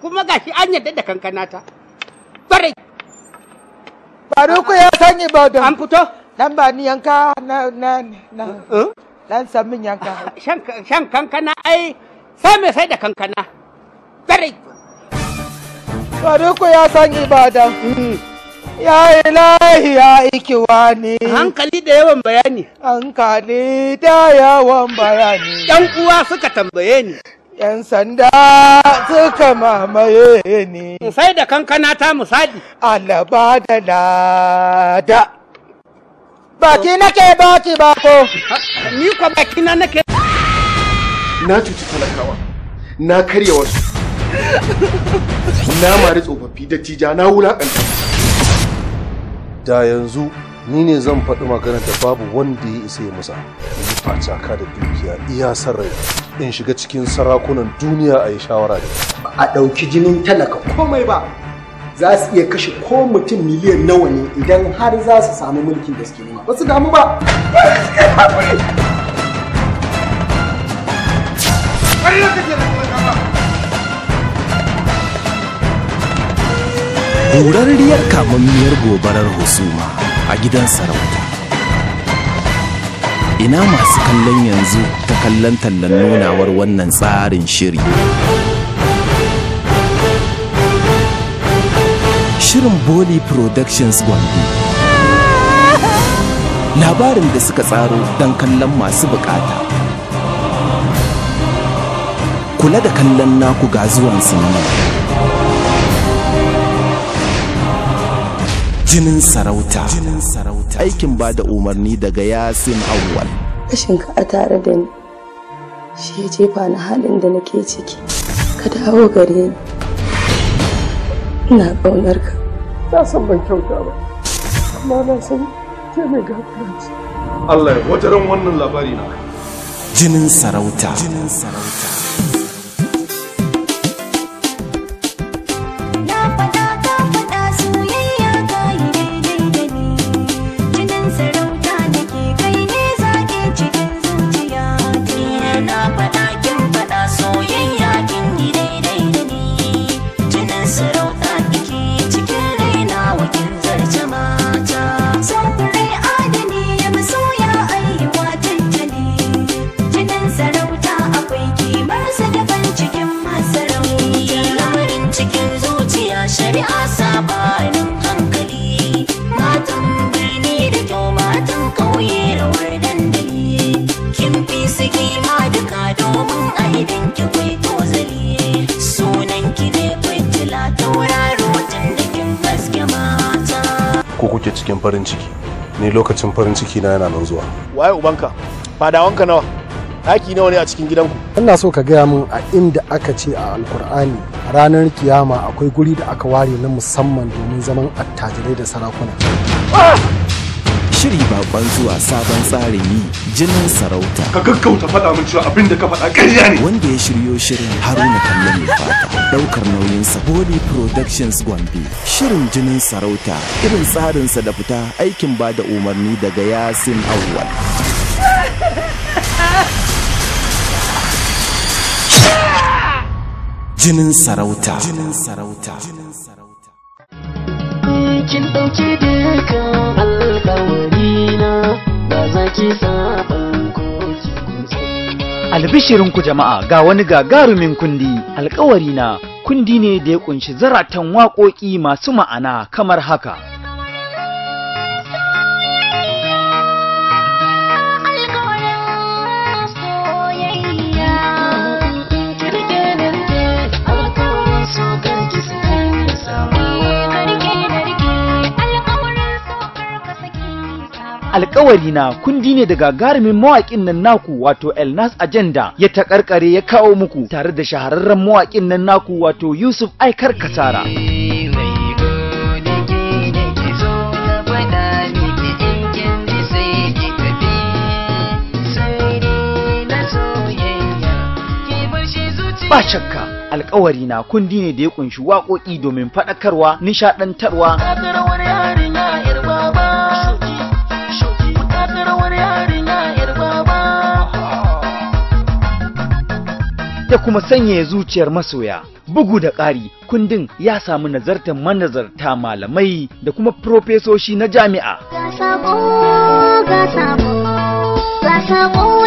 kuma gashi an yadda da kankana ta barai Faruku ya san Ibadan. An fito? Dan ba ni yanka na na na. Eh? Dan samin yanka. Shan shan kankana ai sai me sai da kankana. Barai. Faruku ya san Ibadan. Ya ilahi ya ikiwani. Hankali da yawan bayani. Hankali da yawan bayani. ‘Yan uwa suka tambaye ni. ‘Yan sanda suka mamaye ni. Musai da kankana ta musadi. Alaba da lada. Baki nake baki bako. Ni kwa baki na nake. Na cuci talakawa. Na karya wasu. Na mari tsofaffi da tija na wulakanta. da yanzu ni ne zan faɗi magana da babu wanda ya isa ya musa yi facaka da dukiya iya san rai in shiga cikin sarakunan duniya a yi shawara da ba a ɗauki jinin talaka komai ba za su iya kashe ko mutum miliyan nawa ne idan har za su samu mulkin da suke ba su damu ba Ariya kake horarriyar kamammiyar gobarar husuma a gidan sarauta ina masu kallon yanzu ta kallon tallan nunawar wannan tsarin shiri shirin boli productions gwandu labarin da suka tsaro don kallon masu bukata kula da kallon naku ga zuwan sinima jinin sarauta aikin ba da umarni daga yasin awwal kashin ka a tare da ni shi ya jefa ni halin da nake ciki ka dawo gare ni ina ƙaunar ka na san ban kyauta ba amma na san ke mai gafara Allah ya wajen wannan labari na jinin sarauta jinin sarauta ya faɗa ko kuke cikin farin ciki ni lokacin farin ciki na yana nan zuwa waye ubanka fadawanka nawa ɗaki nawa ne a cikin gidanku ina so ka gaya min a inda aka ce a alkur'ani ranar kiyama akwai guri da aka ware na musamman domin zaman attajirai da sarakuna ah! shiri bakon zuwa sabon tsarin yi jinin sarauta ka gaggauta faɗa min cewa abin ka faɗa ƙarya ne wanda ya shiryo shirin haruna kallon mai fata ɗaukar nauyin sa boli productions gombe shirin jinin sarauta irin tsarinsa da fita aikin ba da umarni daga yasin awwal jinin sarauta jinin sarauta kin dauke dukan Allah Albishirin ba jama'a ga wani gagarumin kundi alkawarina kundi ne da ya kunshi zaratan waƙoƙi masu ma'ana kamar haka. alkawari na kundi ne da gagarumin mawaƙin nan naku wato Elnas Agenda ya taƙarƙare ya kawo muku tare da shahararren mawaƙin nan naku wato Yusuf Aikar Katara. Ba shakka alkawari na kundi ne da ya ƙunshi waƙoƙi domin faɗakarwa, nishaɗantarwa. da kuma sanyaya zuciyar masoya. Bugu da ƙari, kundin ya samu nazartar manazarta malamai da kuma profesoshi na jami'a. Ga sabo, ga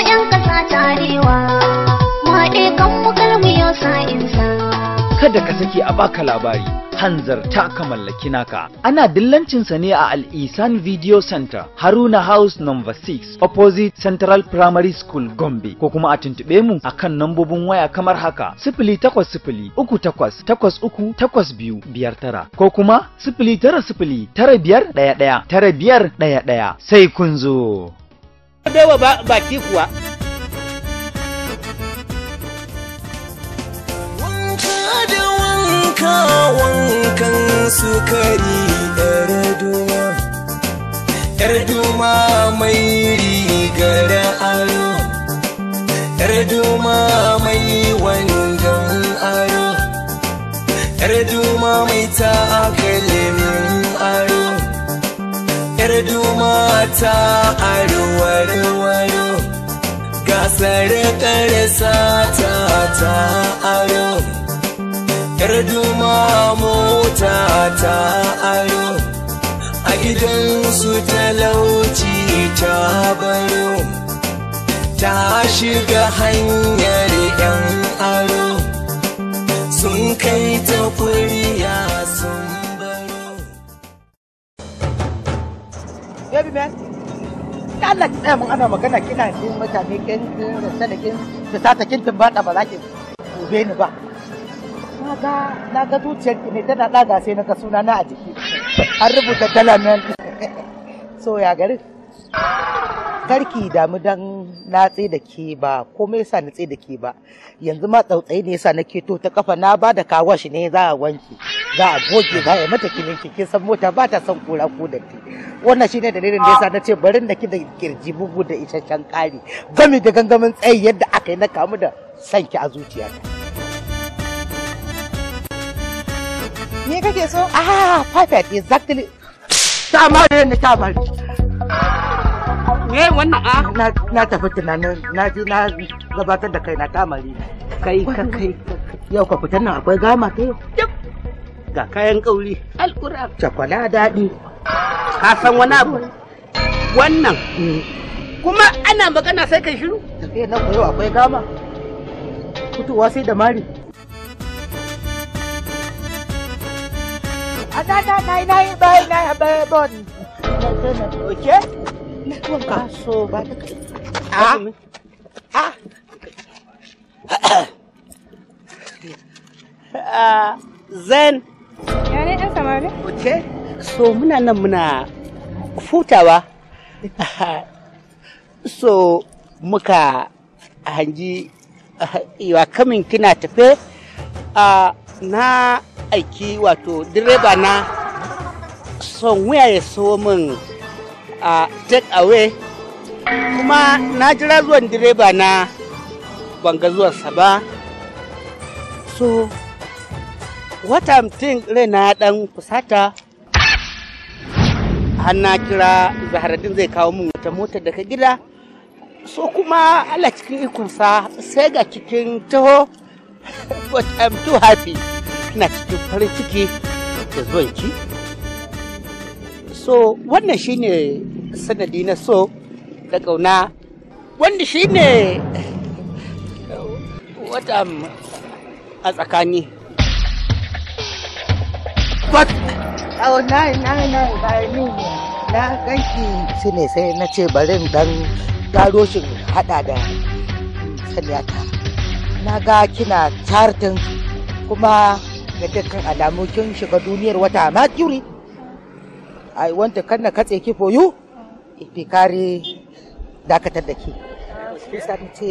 'yan ƙasa tarewa, maɗe kada ka sake a baka labari hanzarta ka mallaki naka ana dillancinsa ne a al-isan video center haruna house number 6 opposite central primary school gombe ko kuma a tuntube mu akan nambobin waya kamar haka sifili takwas ko kuma sifili tara sai kun zo. Bewa baki kuwa. talakawan sukari yar duma yar duma mai rigar aro Yarduma duma mai wangan aro yar duma mai takalmin aro yar duma ta aro waro waro gasar karsa ta ta aro yarduma mota ta aro a gidan su talauci ta baro ta shiga hanyar yan aro sun kai ta kuriya sun baro baby man Allah ki tsaye mun ana magana kina jin mutane kin da sadakin da satakin tumbaɗa ba za ki ube ni ba na ga zuciyar ki ne tana ɗaga sai na ka suna na a jiki an rubuta dala nan so ya gari karki damu dan na tsaye da ke ba komai yasa na tsaye da ke ba yanzu ma tsautsayi ne yasa na keto ta kafa na bada da shi ne za a wanke za a goge za a mata kinin kin san mota ba ta son kura ko da ke wannan shine dalilin da yasa na ce bari na ki da kirji bugu da isasshen kari gami da gangamin tsayi yadda aka yi na kamu da sanki a zuciyata Ni kake so? Ah, perfect, exactly. Ta mare ni ta mare. Me wannan a? Ah? Na na tafi tunanin na ji na gabatar da kai na ta mare. Kai ka kai. Yau ka fitan nan akwai gama ta yau. Ga kayan kauri. Alƙura. Cakwala daɗi. Ka san wani abu? Wannan. Mm. Kuma ana magana sai kai shiru? Eh na koyo akwai gama. Fitowa sai da mari. na na na bon ah. Ah. ah zen ya ne so muna nan muna futawa so muka hanji kamin ah, kina tafe na aiki wato direba na son wuya ya so min a take away kuma na jira zuwan direba na banga zuwansa ba so what I'm think raina dan fusata har na kira zaharadin zai kawo min wata motar daga gida so kuma ala cikin ikonsa sai ga cikin taho but I'm too happy ina cikin farin ciki da zuwanki so wannan shine sanadi na so da ƙauna wanda shine watan a tsakani but oh na na na ba ni na ganki shine sai na ce barin dan garo shi hada da sanyata na ga kina charting kuma ga dukkan alamu kin shiga duniyar wata makiri i want to kanna katse ki for you ifi kare dakatar da ke shi sa ta ce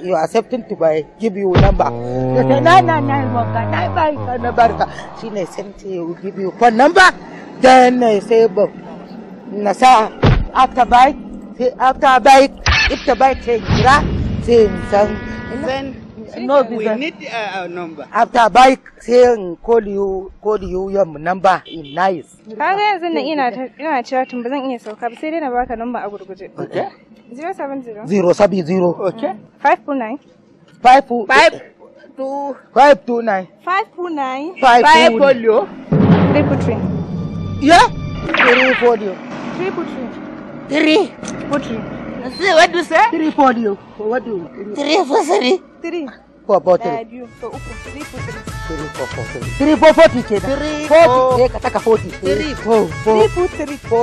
you accepting to by give you number na na na banka na bai ka na barka shi ne sai ce you give you phone number then na sai ba na sa after bike sai after bike if the bike ta gira sai san then no visa. We uh, need a, uh, number. After bike saying call you call you your number in nice. Kaga yanzu nan ina ina cewa tun ba iya sauka ba sai dai na baka number a gurguje. Okay. 070 070 okay 529 5 two five two nine five nine five, five two three yeah three three three see what do you say three what do you three for three three four four three three four three three four four three three four ke da three eh, ka saka forty three four three four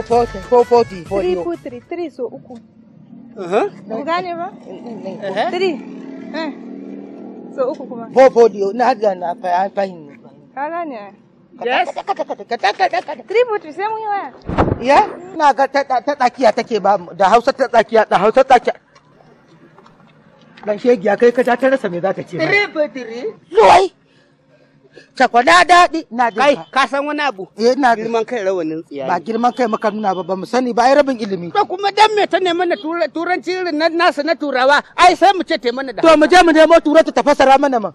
four three four three four three three so uku ku uh-huh. gane ba uh-huh. three eh. so uku kuma four forty oh, na ga na fahimta ka gane Yes. Tributu sai mun yi waya. Ya? Na ga ta da ta ta Dan shegiya kai ka ja ta rasa me za ta ce. Dire fa dire. Zuwai. Cakwada daɗi na da kai ka san wani abu eh na girman kai rawanin tsiyayi ba girman kai maka nuna ba ba mu sani ba ai rabin ilimi to kuma dan me ta neman na turanci irin na nasu na turawa ai sai mu ce te mana da to mu je mu nemo turai ta tafasara mana ma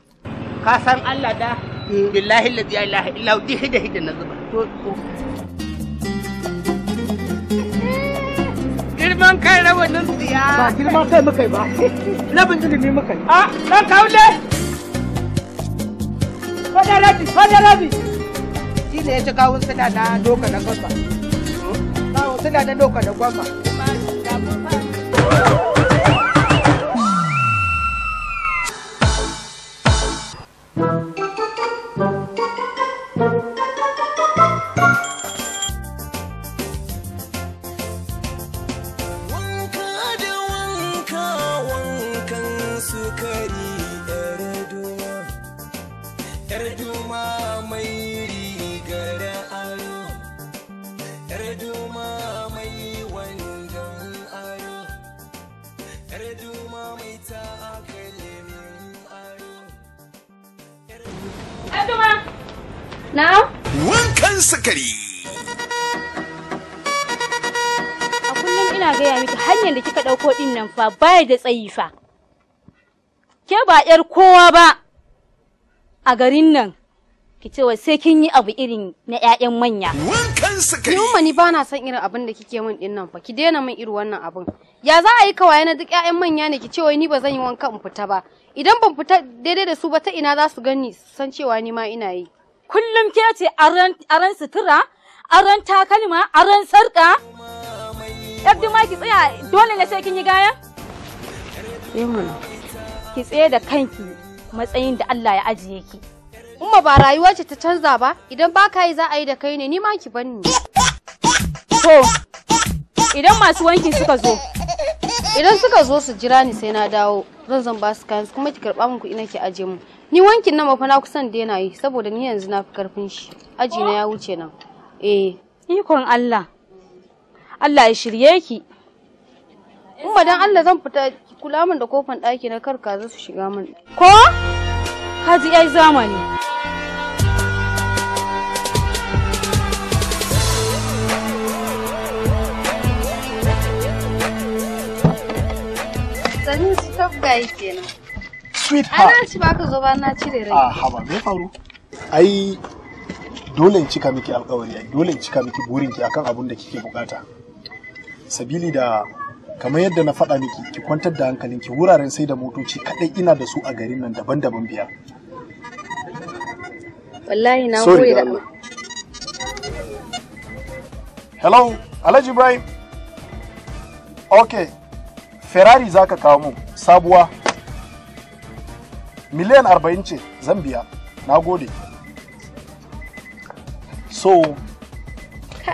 ka san Allah da eh. billahi la ilaha illa hu dihida hida na zuba to girman kai rawanin siya. Ba girman kai muka yi ba. Rabin ilimi muka yi. Ah, ɗan kaule. Kwada rabi, kwada rabi. Shi ne ya ci kawun suna na doka na gwamba. Kawun suna na doka na gwamba. Thank you. bai da tsayi fa. Ke ba ‘yar kowa ba a garin nan, ki ce sai kin yi abu irin na ‘ya'yan manya. ma ni ba na son irin abin da kike min din nan fa, ki daina min irin wannan abin. Ya za a yi kawaye na duk ‘ya'yan manya ne ki ce wai ni ba zan yi wanka in fita ba. Idan ban fita daidai da su ba ta ina za su gani san cewa ni ma ina yi. Kullum ke ce aran sutura, aran takalma, aran sarka. Yabdi ma ki tsaya dole ne sai kin yi gayan? Ki tsaye da kanki matsayin da Allah ya ajiye ki. Umma ba rayuwar ta canza ba idan ba ka yi za a yi da kai ne ni ma ki banni. To idan masu wankin suka zo idan suka zo su jira ni sai na dawo zan zan ba su kayan kuma ki karba min kuɗi ki aje mu. Ni wankin na fa na kusan daina yi saboda ni yanzu na fi karfin shi. Aji na ya wuce nan. Eh. Ikon Allah. Allah ya shirye ki. Umma dan Allah zan fita Kula min da kofan ɗaki na kar za su shiga min. Ko? Kaji ai zamani. Sanin stop guy kenan. Sweetheart. Ana ci baka zo ba na cire rai. Ah, haba me faru? Ai dole in cika miki alƙawari, dole in cika miki burinki akan abun da kike bukata. Sabili da kamar yadda na faɗa miki ki kwantar da hankalinki wuraren sai da motoci kaɗai ina da su a garin nan daban-daban biya wallahi na gode da hello alhaji ibrahim ok ferrari za ka kawo mu sabuwa miliyan arba'in ce zan biya na gode so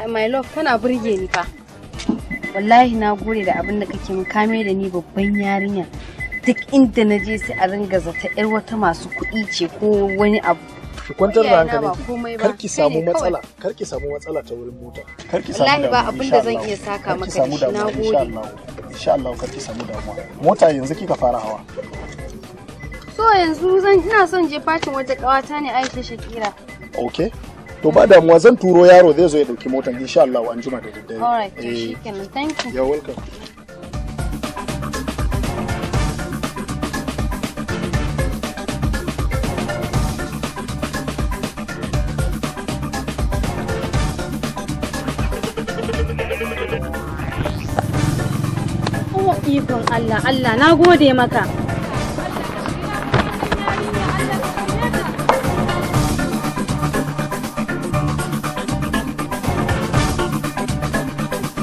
my love kana burge ni fa wallahi na gode da abin da kake min kame da ni babban yarinya duk inda na je sai a ringa zata yar wata masu kuɗi ce ko wani abu kwantar da hankali ki samu matsala ki samu matsala ta wurin mota Kar ki samu wallahi ba abin da zan iya saka maka da shi nagode insha Allah kar ki samu damuwa mota yanzu kika fara hawa so yanzu zan ina son je fatin wata kawata ne Aisha Shakira okay to ba damuwa zan turo yaro zai zo ya dauki motan insha Allah wa anjima da daddare all right to eh. shikenan thank you you're welcome Allah Allah na gode maka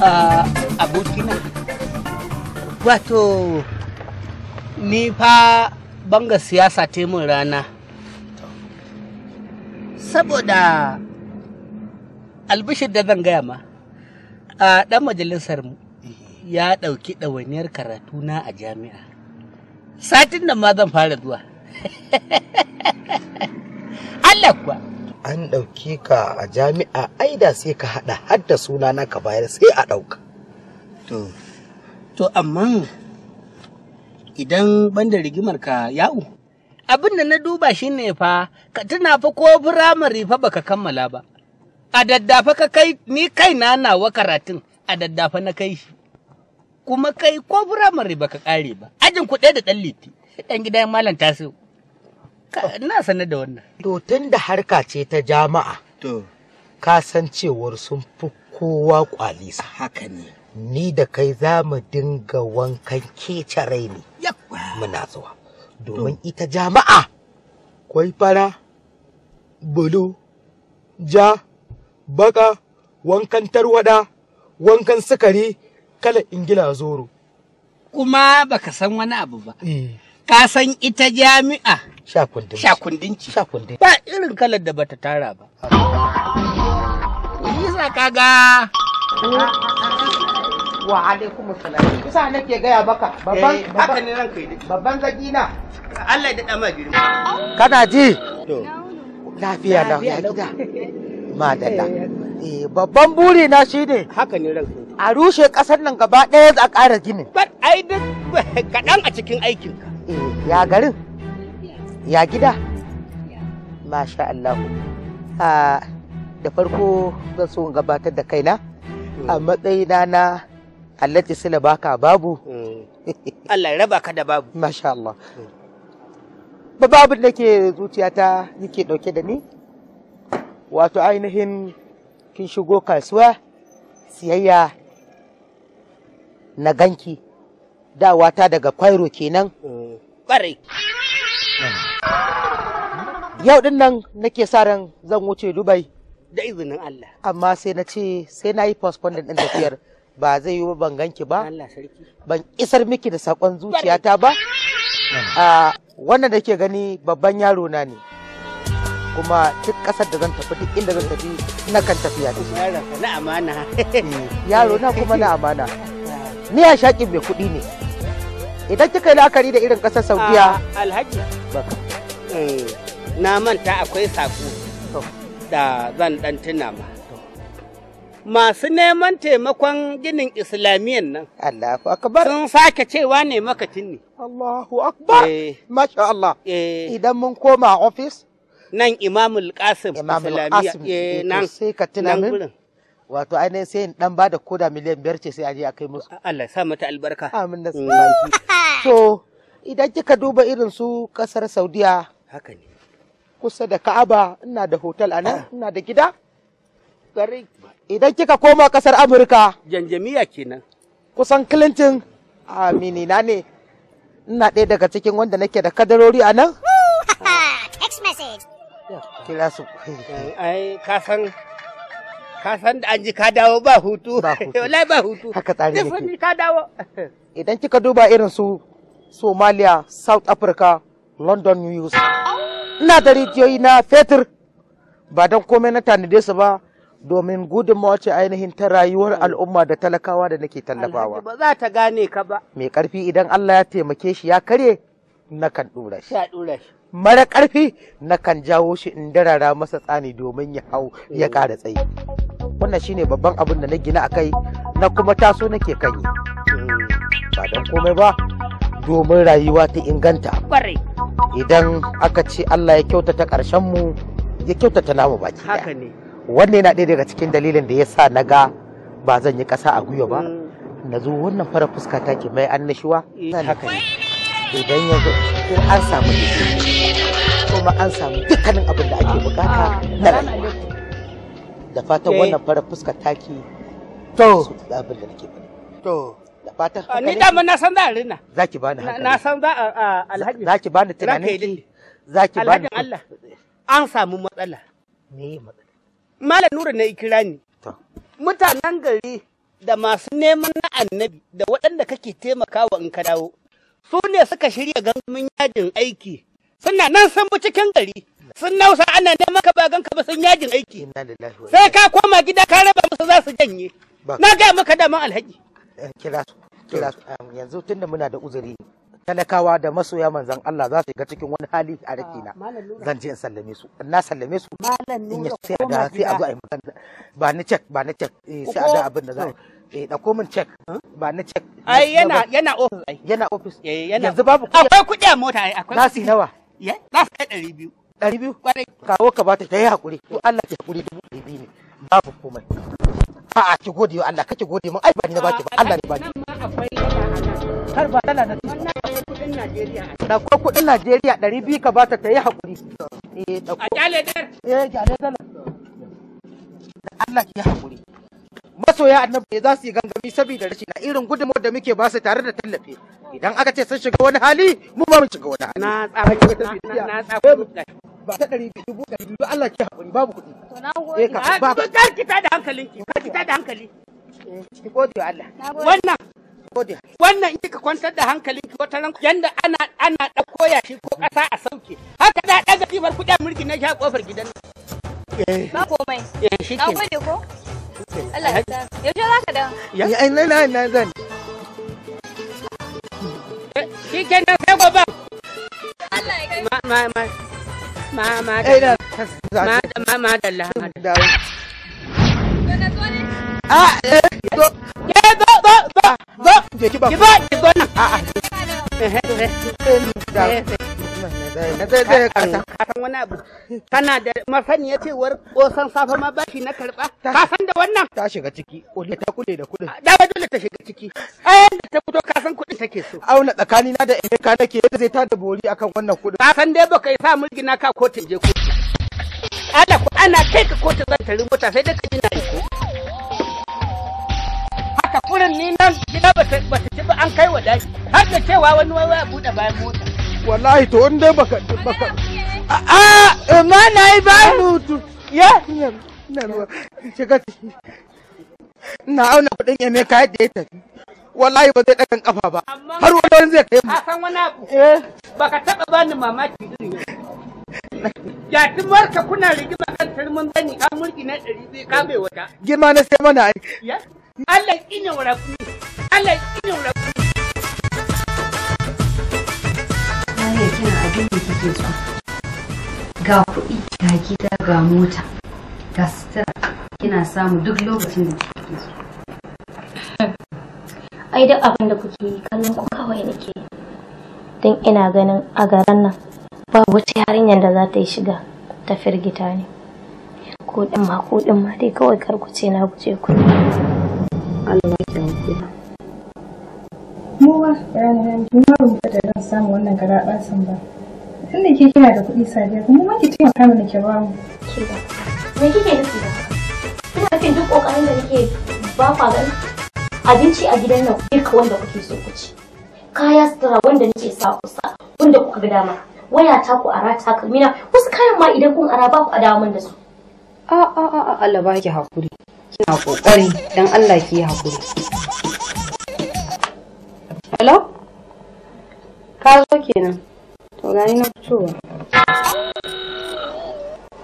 Ah, burkina wato ni fa banga siyasa ta mun rana saboda albishir da zan gaya ma a ɗan majalisar mu ya ɗauki ɗawainiyar karatu na a jami'a satin da ma zan fara zuwa Allah kuwa an ɗauke ka a jami'a aida sai ka haɗa hadda suna na ka bayar sai a ɗauka. To, to amma idan banda rigimar ka yawo? Abin da na duba shine fa, ka tuna fa ko firamare fa baka kammala ba. A daddafa ka kai ni kai na nawa karatun a daddafa na kai shi. Kuma kai ko firamare baka ƙare ba. Ajin ku ɗaya da ɗan litti, ɗan gidan malam tasiru. ina sanar da wannan to tun da harka ce ta jama'a to ka san cewar sun fi kowa kwalisa haka ne ni da kai za mu dinga wankan kece rai ne muna zuwa domin ita jama'a kwai fara bulu ja baka wankan tarwada wankan sukari kala ingila zoro kuma baka san wani abu ba mm. ka san ita jami'a shakundinci ba irin kalar da bata tara ba isa kaga wa alaikum salam kusa nake gaya baka, babban eh, haka ne ranka yi babban zaki na Allah ya dada ma girma kana ji to lafiya ya gida madalla eh babban buri na shine haka ne ranka a rushe kasar nan gaba ɗaya a ƙara gini ai duk kaɗan a cikin aikinka Eh, ya garin? Ya gida? Masha Allah. Ah, da farko zan so in gabatar da kaina hmm. a matsayina na Allaji Sila baka babu. Hmm. Allah raba ka da babu. Masha Allah. Hmm. Ba babu da ke zuciyata yake dauke da ni? Wato ainihin kin shigo kasuwa siyayya na ganki. dawa ta daga kwairo kenan kwarai yau din nan nake sa ran zan wuce dubai da izinin Allah amma sai na ce sai na yi postponing din tafiyar ba zai yi ban ganki ba ban isar miki da sakon zuciyata ba a ah, wannan da ke gani babban yaro na ne kuma duk kasar da zan tafi duk inda zan tafi na kan tafiya da shi yaro na kuma na amana ni a shaƙin mai kuɗi ne idan kika yi la'akari da irin ƙasar saudiya ah, alhaji eh, na manta akwai sako da zan ɗan tuna ma masu neman taimakon ginin islamiyan nan. Allahu akbar. Sun sake cewa ne makatin ne. Allahu akbar. Eh. Masha Allah. Eh. Idan mun koma ofis. Nan Imamul kasim Islamiyya. Nan. Sai ka tuna min. wato ainihin sai in dan bada koda miliyan biyar ce sai a je a kai musu Allah sa mata albarka amin da mm. so idan kika duba irin su kasar Saudiya haka ne kusa da Ka'aba ina da hotel anan ah. ina da gida gari idan kika koma kasar Amurka janjamiya kenan kusan Clinton amini na ne ina ɗaya daga cikin wanda nake da kadarori a nan? Text message. Kira su. Eh, ai, ka san ka san da an ji ka dawo ba hutu wallahi ba hutu haka tsari yake ka dawo idan kika duba irin su Somalia South Africa London News ina da rijiyoyi na fetur ba don komai na tanade su ba domin gudun ce ainihin ta rayuwar al'umma da talakawa da nake tallafawa. Ba za ta gane ka ba. Mai karfi idan Allah ya taimake shi ya karye na kan dura shi. Mara karfi na kan jawo shi in darara masa tsani domin ya hau ya kara tsayi. wannan shi ne babban abin da na gina a kai na kuma taso nake kan yi ba don komai ba domin rayuwa ta inganta idan aka ce Allah ya kyautata ƙarshen mu ya kyautata namu baki wannan yana ɗaya daga cikin dalilin da ya sa na ga ba zan yi ƙasa a gwiwa ba mm. na zo wannan fara fuska ta ke mai annashuwa eh, haka ne idan ya zo an samu an samu dukkanin abin da ake bukata ah, na rayuwa da fatan wannan fara fuskar taki to da abin da nake faɗi to da fatan ah, haka ni dama na san za a rina zaki bani hankali na san za a alhaji zaki bani tunanin ki zaki bani Allah an samu matsala me matsala malam nura ne kira ni mutanen gari da masu neman na annabi da waɗanda kake taimakawa in ka dawo su ne suka shirya gangamin yajin aiki suna nan sun bi cikin gari sun nausa ana neman ka bagan ka ba sun yajin aiki sai ka koma gida ka raba musu za su janye na gaya maka daman alhaji eh, kira su kira su yanzu tunda muna da uzuri talakawa da masoya manzan Allah za su ga cikin wani hali a rake na ah, zan je in sallame su na sallame su in ya sai a da sai a zo a yi magana ba ni cek ba ni cek eh, sai a da abin da za eh dauko min cek ba ni cek ai yana eh, yana office ai yana office yanzu babu akwai kuɗi a mota ai akwai nasi nawa ya nasi 200 ɗari biyu kawo ka bata ta yi haƙuri to Allah ki haƙuri dubu ɗari biyu ne babu komai a'a ki gode wa Allah kake gode mun ai ba ni na baki ba Allah ne baki har ba dala na ɗauko kuɗin Najeriya ɗari biyu ka bata ta yi haƙuri eh ɗauko a kyale dar eh kyale dala Allah ki haƙuri masoya annabi ne za su yi gangami saboda rashi na irin gudunmawar da muke ba su tare da tallafi idan aka ce sun shiga wani hali mu ba mu shiga wani hali na tsafa na tsafa ba ta ɗari biyu dubu ɗari dubu Allah ke haƙuri babu kuɗi. Eh ka ba ka Kar kita da hankalin ki kar kita da hankali. Eh, ki gode wa Allah. Wannan. Gode. Wannan in ka kwantar da hankalin ki wata ran yanda ana ana da koya shi ko ƙasa a sauke. Haka da ɗaga kimar kuɗin mulki na sha kofar gidan. Eh. Ba komai. Eh shi ke. Na gode ko. Alasan. Ya udah lah kadang. Ya, ya, nah, nah, nah, nah. Kikan nak kau bapa. Alai kan. Ma, ma, ma, ma, ma. Eh, dah. Ma, ma, ma, dah lah. Dah. Ah, eh, tu. Ya, bo, bo, bo, bo. Cepat, cepat. Cepat. Ah, ah. Eh, eh, eh. Dah. kasan wani abu kana da masaniya cewar kosan safa ma bashi na karba ka san da wannan ta shiga ciki kulle ta kulle da kudin da ba dole ta shiga ciki ayan da ta fito kasan san kudin take so auna tsakani na da emeka nake yadda zai tada bori akan wannan kudin ka san dai baka sa mulgina ka ko je ko ana ku ana kai ka kotu zan tari mota sai dai ka ji na iko haka kurin ni nan gida ba ta ci ba an kai wa daji har da cewa wani wai ya bude bayan mota wallahi to in dai baka baka a ma na yi ba mutu? ya na ruwa shiga na auna kudin ya mai kayan da ya tafi wallahi ba zai dakan kafa ba har wani zai kai mu a san wani abu eh. baka taɓa bani mamaki irin ya tun marka kuna rigima kan turmin bani ka mulki na ɗari zai kame wata girma na sai mana ai Allah ina ƙinya wa Allah ina ƙinya duniya abin da kike so ga kuɗi ga gida ga mota ga sutura kina samu duk lokacin da kike so ai duk abin da kuke yi kallon ku kawai nake don ina ganin a garin nan ba wata yarinyar da za ta yi shiga ta firgita ne ko din ma ko ma dai kawai kar ku ce na guje ku Allah ranar nuna rubuta da zan samu wannan gara ɓasan ba tun da ke kina da kuɗi sadiya kuma ma ki taimaka mana ki ba mu. me kike nufi da kina nufin duk ƙoƙarin da nake ba kwa gani abinci a gidan nan duka wanda kuke so ku ci kaya sutura wanda nake sa ku sa wanda kuka ga dama waya ta ku ara takalmina wasu kayan ma idan kun ara ba ku adaman da su. a a a Allah ba ki hakuri kina ƙoƙari, dan Allah ki yi hakuri. hello ka zo kenan to yi na fitowa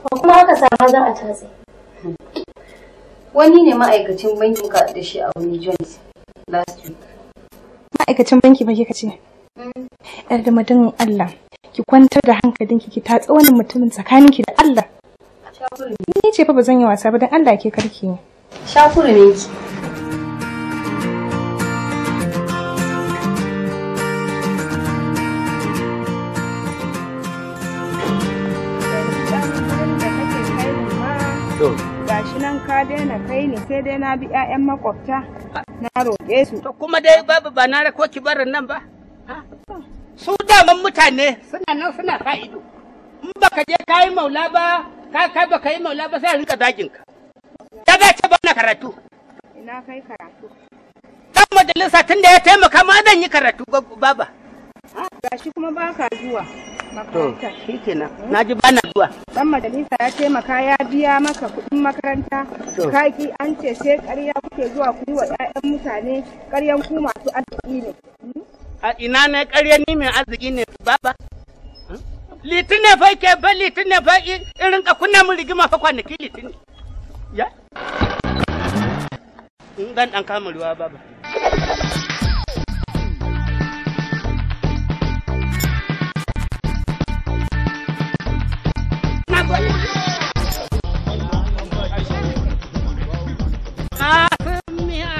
ko kuma aka samu zan a tatse. wani ne ma'aikacin bankin ka da shi a wani joint last week ma'aikacin banki ba kika ce mm. yar da madin Allah ki kwantar da hankalinki ki tatsi wani mutumin ki da Allah ni ce fa ba zan yi wasa ba don Allah ke karki ne shafuru ne ki ne sai dai na bi 'ya'yan makwabta na roƙe su. To kuma dai babu ba na rako ki barin nan ba. Su daman mutane suna nan suna sa ido. In baka je ka yi maula ba ka kai baka yi maula ba sai rinka zagin ka. Ya ga ce ba na karatu. Ina kai karatu. Dan majalisa tun da ya taimaka ma zan yi karatu baba. gashi kuma ba ka zuwa makaranta shikenan na ji bana zuwa dan majalisa ya taimaka ya biya maka kuɗin makaranta kaki an ce sai ƙarya kuke zuwa ku yi wa 'ya'yan mutane ƙaryan ku masu arziki ne hmm? a ina ne ƙarya ni mai arziki ne baba hmm? litinin fa ke ba litinin fa irin ka kunna mun rigima fa kwanaki litinin ya in dan dan kama ruwa baba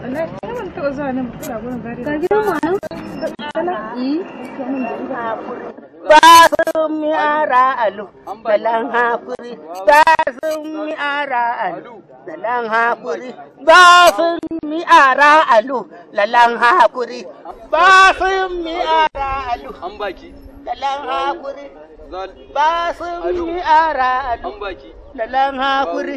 wallahi sai mun taɓa zuwa nan mutum gurin gari alu, balan hakuri, basun yara alu, lalan hakuri, basun mi'ara alu, lalan hakuri, basun ara alu, lalan hakuri, basun mi'ara alu, lalan hakuri,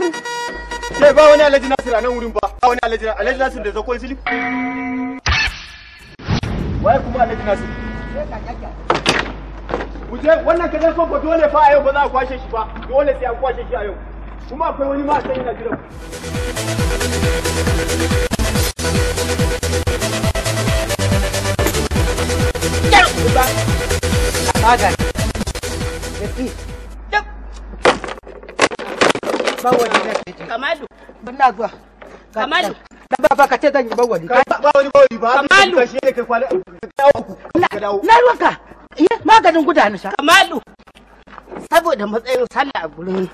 Nasir. Kai ba wani Alhaji Nasir a nan wurin ba. Ba wani Alhaji Nasir. Alhaji Nasir da zakon sili. Waye kuma Alhaji Nasir? Muje wannan kaje so ko dole fa a yau ba za a kwashe shi ba. Dole sai a kwashe shi a yau. Kuma akwai wani ma a sanya yana jiran. Kaga. kamalu. ne kamalu. kamalu zuwa kamalu ba ka ce zan yi ba wani ba kamalu shi ne kai ka dawo na ruwanka maganin gudanar kamalu saboda matsayin sallah a gurin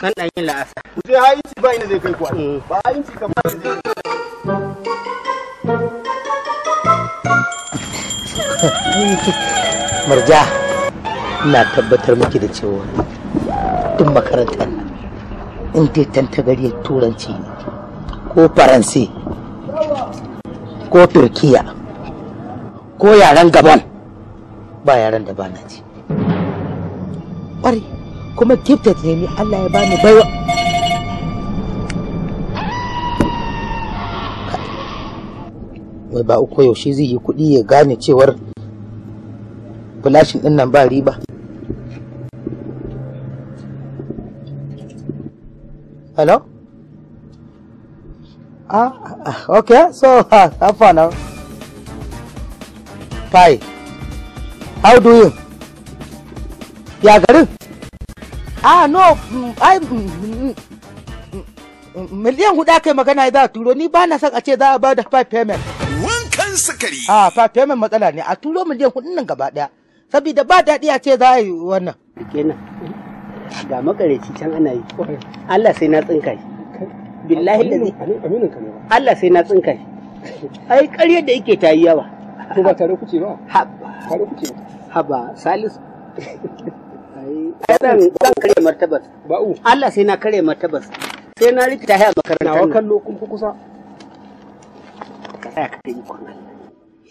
nan dan yin la'asa je ha ba ina zai kai mm. ba tabbatar miki da cewa duk makarantar in te gari turanci ne ko faransi ko turkiya ko yaren gabon ba yaren da ba na ji ƙwari kuma gifted ne ni allah ya bani baiwa wai ba uku yaushe zai yi kuɗi ya gane cewar flashin ɗin nan ba riba Hello? Ah, ah, okay, so uh, have fun now. Hi. How do you? Ya garin? Ah, no, mm, ai, mm, mm, miliyan hudu aka yi magana za a turo ni ba na son a ce za a ba da five payment. Wankan sakari. Ah, five payment matsala ne a turo miliyan hudun nan gaba daya. Sabida ba daɗi a ce za a yi wannan. Kenan. ga makareci can ana yi Allah sai na tsinka shi billahi da zai Allah sai na tsinka shi ai ƙaryar da yake ta yi yawa to ba tare kuce ba haba tare kuce haba salis ai zan kare martabar ba'u Allah sai na kare martabas. sai na rikita haya makarantar nawa kallo kun kusa Kasa ka yi kwana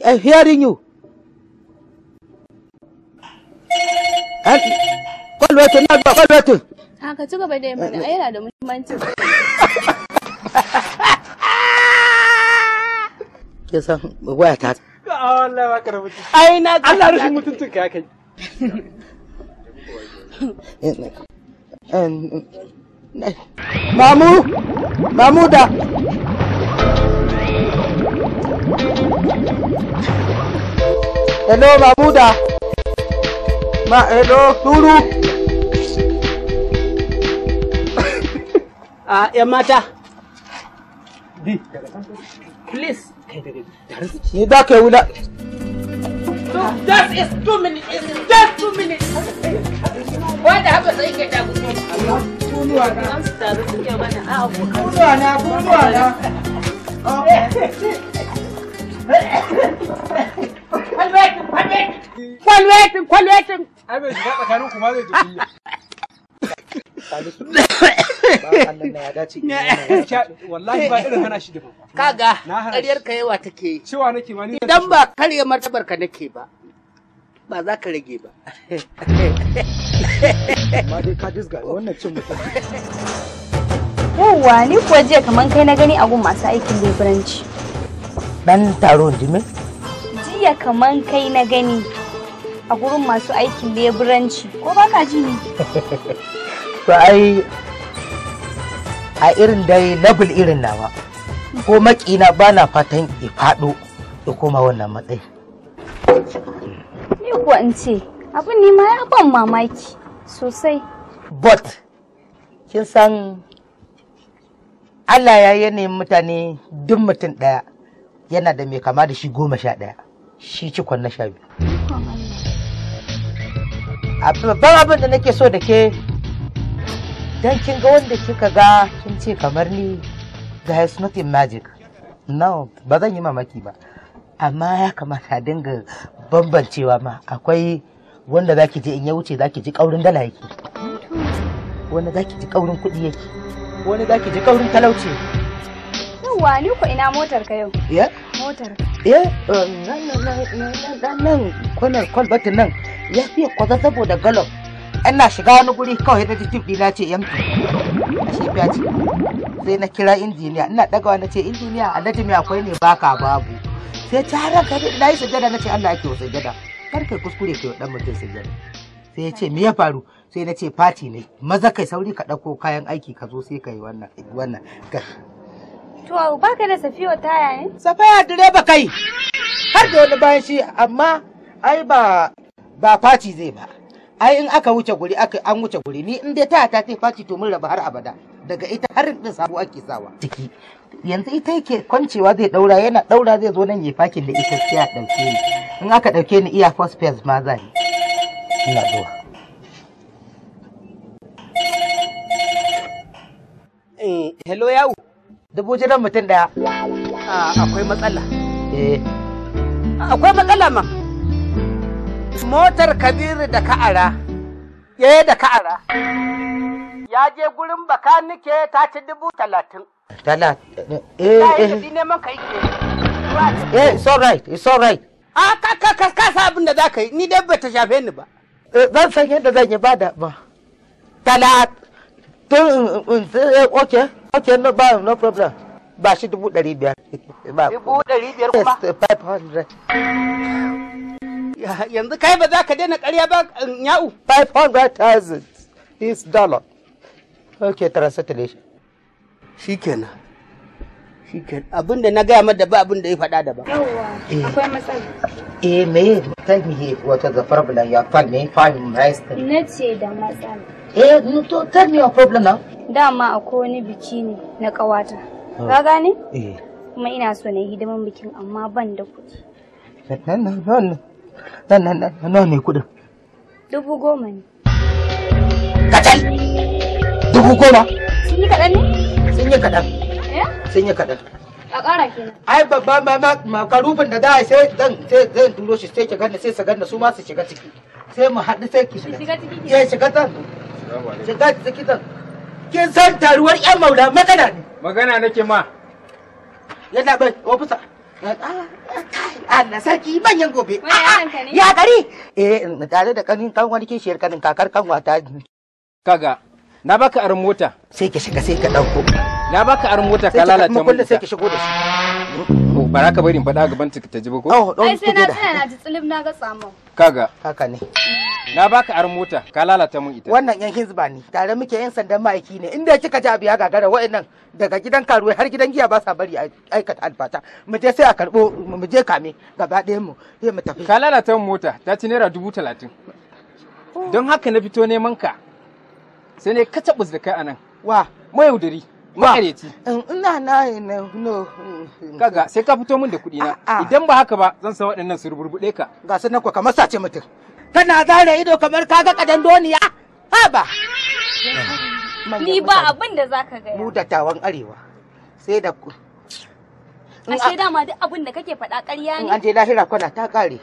eh, hearing you. kwalwatin na zuwa kwalwatin a ci gaba da mana yana da muhimmanci ke san waya ta Allah ba ka ai na Allah mutuntun ka kai Mamu, da. Hello, turu a yan mata please ni da ka wula that is two minutes is that two minutes wanda haka sai ka da gudu na Kwalwetin, kwalwetin. Ai bai shiga tsakanin kuma zai wallahi ba irin hana shi da babba kaga ƙaryar ka yawa take cewa nake ma ni idan ba karya martabar ka nake ba ba za ka rage ba amma dai ka wannan cin ni kuwa jiya kamar kai na gani a gun masu aikin leburanci dan taron jimi? jiya kaman kai na gani a gurin masu aikin leburanci ko ba ka ji ni? to ai a irin dai level irin nawa ko makina ba na fatan ya faɗo ya koma wannan matsayi ni kuwa in ce abin ne ma ya ban mamaki sosai but kin san Allah ya yi yanayin mutane duk mutum ɗaya yana da mai kama da shi goma sha ɗaya shi cikon na sha biyu babban abin da nake so da ke don kin ga wanda kika ga kin ce kamar ni ga is nothing magic no ba zan yi mamaki ba amma ya kamata a dinga bambancewa ma akwai wanda za ki je in ya wuce za ki ji kaurin dala yake wanda za ki ji kaurin kuɗi yake wanda za ki ji kaurin talauci yawwa ni ko ina motar ka yau ya motar ya eh, nan kwanar kwalbatin nan ya fiye kwaza saboda galop ina shiga wani guri kawai na jikin ɗina ce yanka shi biya ce sai na kira injiniya ina ɗagawa na ce injiniya alhaji mai akwai ne baka babu sai ta ranka na yi sujada na ce Allah ake wa sujada kar kai kuskure kai dan mutum sujada sai ya ce me ya faru sai na ce fati ne maza kai sauri ka ɗauko kayan aiki ka zo sai ka yi wannan ba ka da safiya taya ne? Safiya direba kai. Har da wani bayan shi amma ai ba ba faci zai ba. Ai in aka wuce guri aka an wuce guri ni in dai ta ta ce faci to mun raba har abada. Daga ita har din sabo ake sawa. Ciki. Yanzu ita yake kwancewa zai daura yana daura zai zo nan ya fakin da ita sai dauke ni. In aka dauke ni iya first phase ma Ina zuwa. Eh, hello dubu jiran mutum daya akwai matsala eh akwai matsala ma motar kabiru da ka'ara ya eh, da ka'ara ya je gurin baka nike ta ci dubu talatin talatin eh eh neman ka yake eh it's all right it's all right a ka ka ka ka sa abin da za ka yi ni dai bata ta shafe ni ba eh, zan san yadda zan yi ba da ba talatin. Eh, okay. ok no ba no problem ba shi dubu ɗari biyar dubu ɗari biyar kuma Yes, five hundred. yanzu kai ba za ka daina ƙarya ba Nya'u? Five hundred thousand is dollar ok translation shikenan shikenan abin da na gaya mata ba abin da ya faɗa da ba eh. akwai matsala eh me tell me what is the problem you are finding five rice na ce da matsala eh to tell me your problem now dama akwai wani biki ne na kawata ah. ka gane eh. kuma ina so na yi hidiman bikin amma ban da kuɗi nan nan nan ne kuɗin dubu goma ne kacal dubu goma sun yi kaɗan ne sun yi kaɗan eh? sun yi kaɗan a ƙara kenan ai babba makarufin da da sai zan sai zan turo shi sai ki ganna sai su ganna su ma su shiga ciki sai mu haɗu sai ki shiga ciki ya shiga ta Shiga cikin Kin san taruwar 'yan maula magana ne. Magana nake ma. Yana bai ofisa. Eh, ah, eh, Allah sarki manyan gobe. Ah, ah, ya gari. Eh tare da kanin kan wani kishiyar kanin kakar kan wata. Kaga na baka aron mota. Sai ka shiga sai ka dauko. Na baka aron mota ka lalata mota. Sai ka shigo da shi. bara ka bari in faɗa gaban ta ta ji ba ko oh don sai na tana na ji tsilim na ga tsamon kaga haka ne na baka ar mota ka lalata mun ita wannan yan hizba ne tare muke yan sandan ma'aiki ne inda kika ji abiya gagara wa'annan daga gidan karuwai har gidan giya ba sa bari aikata alfata mu je sai a karbo mu je kame gaba ɗayan mu sai mu tafi ka lalata mun mota ta ci naira dubu talatin don haka na fito neman ka sai ne ka taɓus da kai anan wa mayaudari makareci ina na na no mm, mm. kaga sai ka fito min da kuɗi na idan ba haka ba zan san waɗannan su ruburbuɗe ka ga sanan ko kamar sace mutum kana zare ido kamar kaga kadan doniya ha ba ni ba abin da zaka ga mu da tawan arewa sai da ku ashe dama duk abin da kake faɗa ƙarya ne an je lahira kwana ta ƙare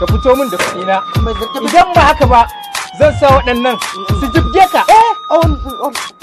ka fito min da kuɗi na idan ba haka ba zan sa waɗannan su jibge ka eh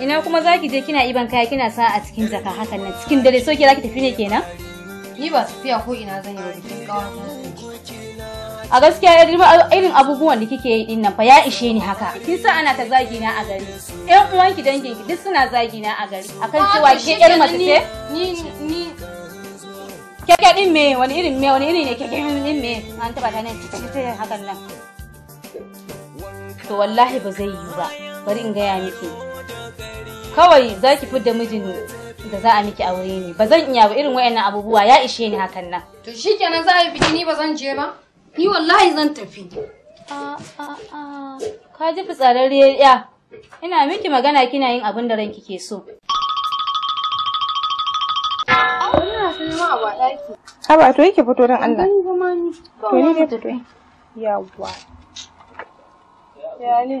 ina kuma za ki je kina iban kaya kina sa a cikin jaka hakan nan cikin dare so ke za ki tafi ne kenan ni ba tafiya ko ina zan yi ba bikin kawar a gaskiya ya irin abubuwan da kike yi din nan fa ya ishe ni haka kin sa ana ta zagi na a gari ƴan ki dangin ki duk suna zagi na a gari akan cewa ke ƴar mace ce ni ni keke din me wani irin me wani irin ne keke din me an taba ta nan yi hakan nan to wallahi ba zai yi ba bari in gaya miki kawai za ki da mijin da za a miki aure ne ba zan iya ba irin wayannan abubuwa ya ishe ni hakan nan to shikenan za a yi biki ni ba zan je ba ni wallahi zan tafi ka ji fitsararriyar ya ina miki magana kina yin abin da ran kike so Haba to yake fito don Allah. To ni ne fito. Yawwa. Ya ne.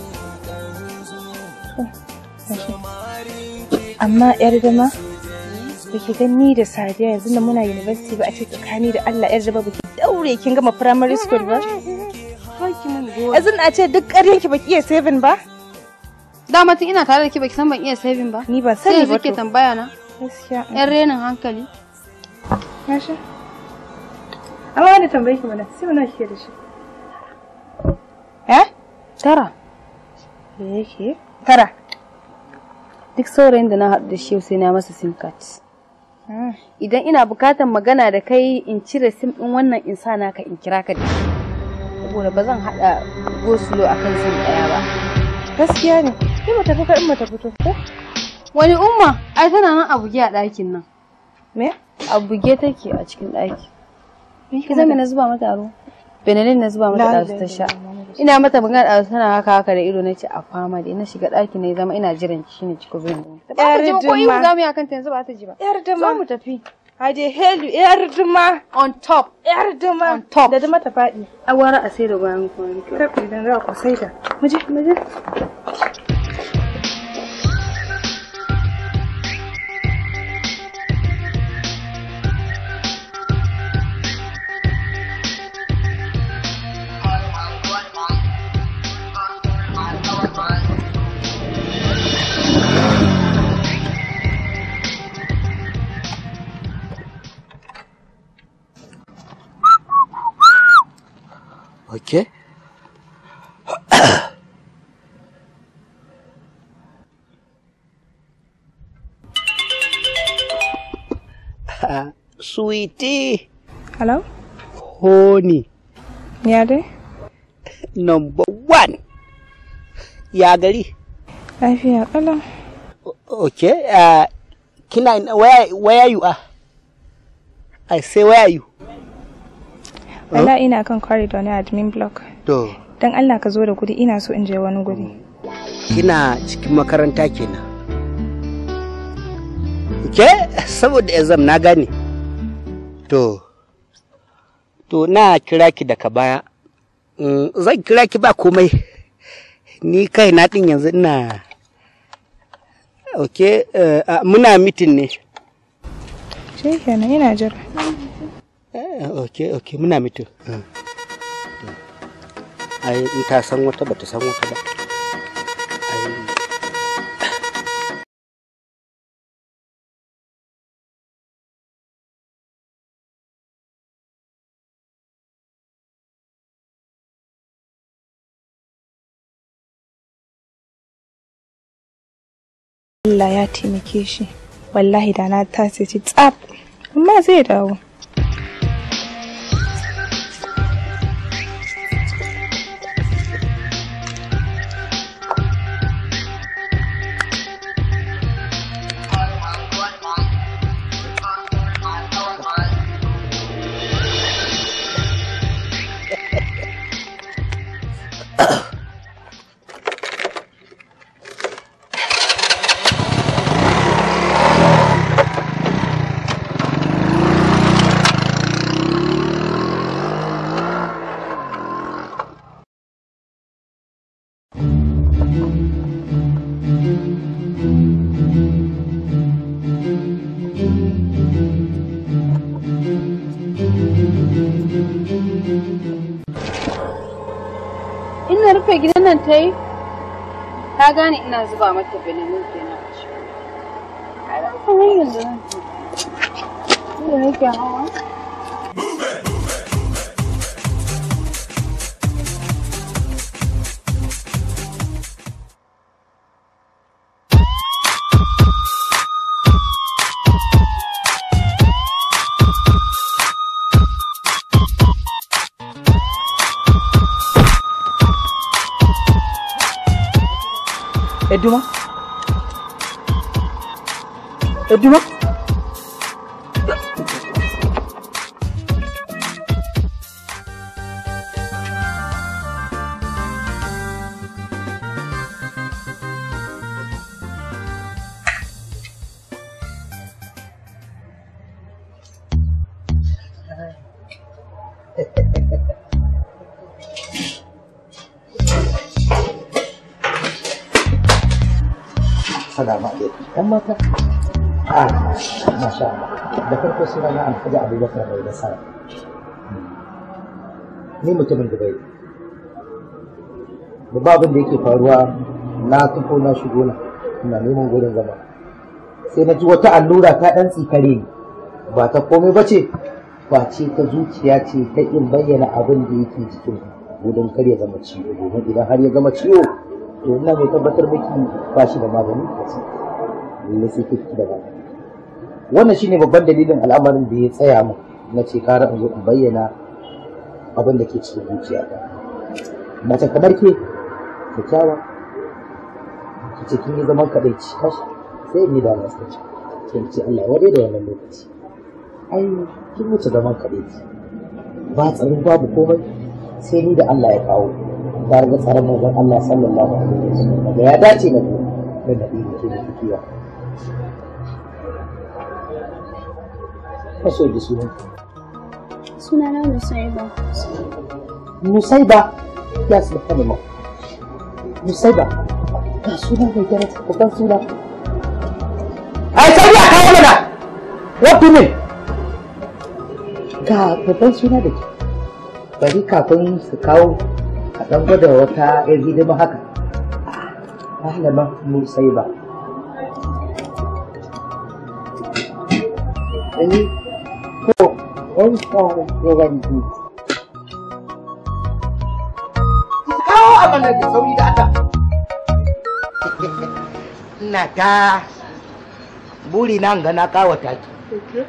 amma yar dama ba ki ni da sadiya yanzu da muna university ba a ce tsakani da allah yar dama ba ki daure kin gama primary school ba yanzu na ce duk ƙaryan ki ba ki iya saving ba dama tun ina tare da ki ba ki san ban iya saving ba ni ba sai ba ke tambaya na yan renin hankali Masha. Amma wani tambayi ki mana, sai wani kike da shi. Eh? Tara. Me yake? Tara. duk saurayin da na haɗu da shi sai na masa sim card idan ina bukatar magana da kai in cire sim ɗin wannan in sa naka in kira ka da shi saboda ba zan haɗa gosulo a kan sim ɗaya ba gaskiya ne sai mata tafi in mata fito ko wani umma ai tana nan a buge a ɗakin nan me a buge take a cikin ɗaki ki zama na zuba mata aro benelin na zuba mata ɗazu ta sha ina mata magana a tana haka haka da ido na nace a fama dai na shiga ɗaki ne zama ina jiran ki shine ciko zan yi ta ba ta ji ko yi za mu yakan ta yanzu ba ta ji ba yar dama mu tafi haje helu yar dama on top yar dama on top da dama ta faɗi awara a sai da bayan kwanki kar ku idan za ku sai da mu je mu je Ke? Sweetie. Hello? Honey. Ya Number one. Ya gari? Lafiya ƙalau. Okay, uh, kina where, where you are? Ah? I say where are you? Allah ina kan corridor na admin block. To. Dan Allah ka zo da kudi ina so in je wani guri. Kina cikin makaranta kenan. Ke saboda exam na gane. To. To na kira ki daga baya. Mm, zan kira ki ba komai. Ni kai na din yanzu ina Ok, eh, muna mitin ne. Shi kenan ina jira. Eh, ok muna mito hmm. ai in ta san wata bata san wata ba Allah ya taimake shi wallahi da na tasiri tsaf amma zai dawo ta yi ta gane ina zuba mata benelin ke na shi a ran yanzu nan yake hawa insha Allah da farko suna na alhaji abubakar bai da sara hmm. ni mutumin da bai da abin da yake faruwa na tuko na shigo na ina neman gurin zama sai na ji wata allura ta dan tsikare ni ba ta komai ba ce face ta zuciya ce ta in bayyana abin da yake cikin gudun kar ya zama ciwo domin idan har ya zama ciwo to ina mai tabbatar miki ba shi da magani da sai da ba wannan shine babban dalilin al'amarin da ya tsaya mu na ce kara in zo in bayyana abin da ke cikin zuciya ta mace kamar ke kyakkyawa ki ce kin yi zaman kaɗai ci kashi sai in yi da masu ci sai ce Allah ya da wannan lokaci ai kin wuce zaman kaɗai ci ba tsaro babu komai sai ni da Allah ya kawo tare ga tsaron manzon Allah sallallahu alaihi wasallam da ya dace na ku da nabi da ke da kiyaye ka da sunan ka musaiba ya su da ma musaiba ga sunan mai suna kawo mana what do suna da ke bari kafin su kawo a ɗan gwada wata yan hidima haka ah, malama musaiba Thank you. To, barka da sauri da Ina ta buri nan ga na kawata ki.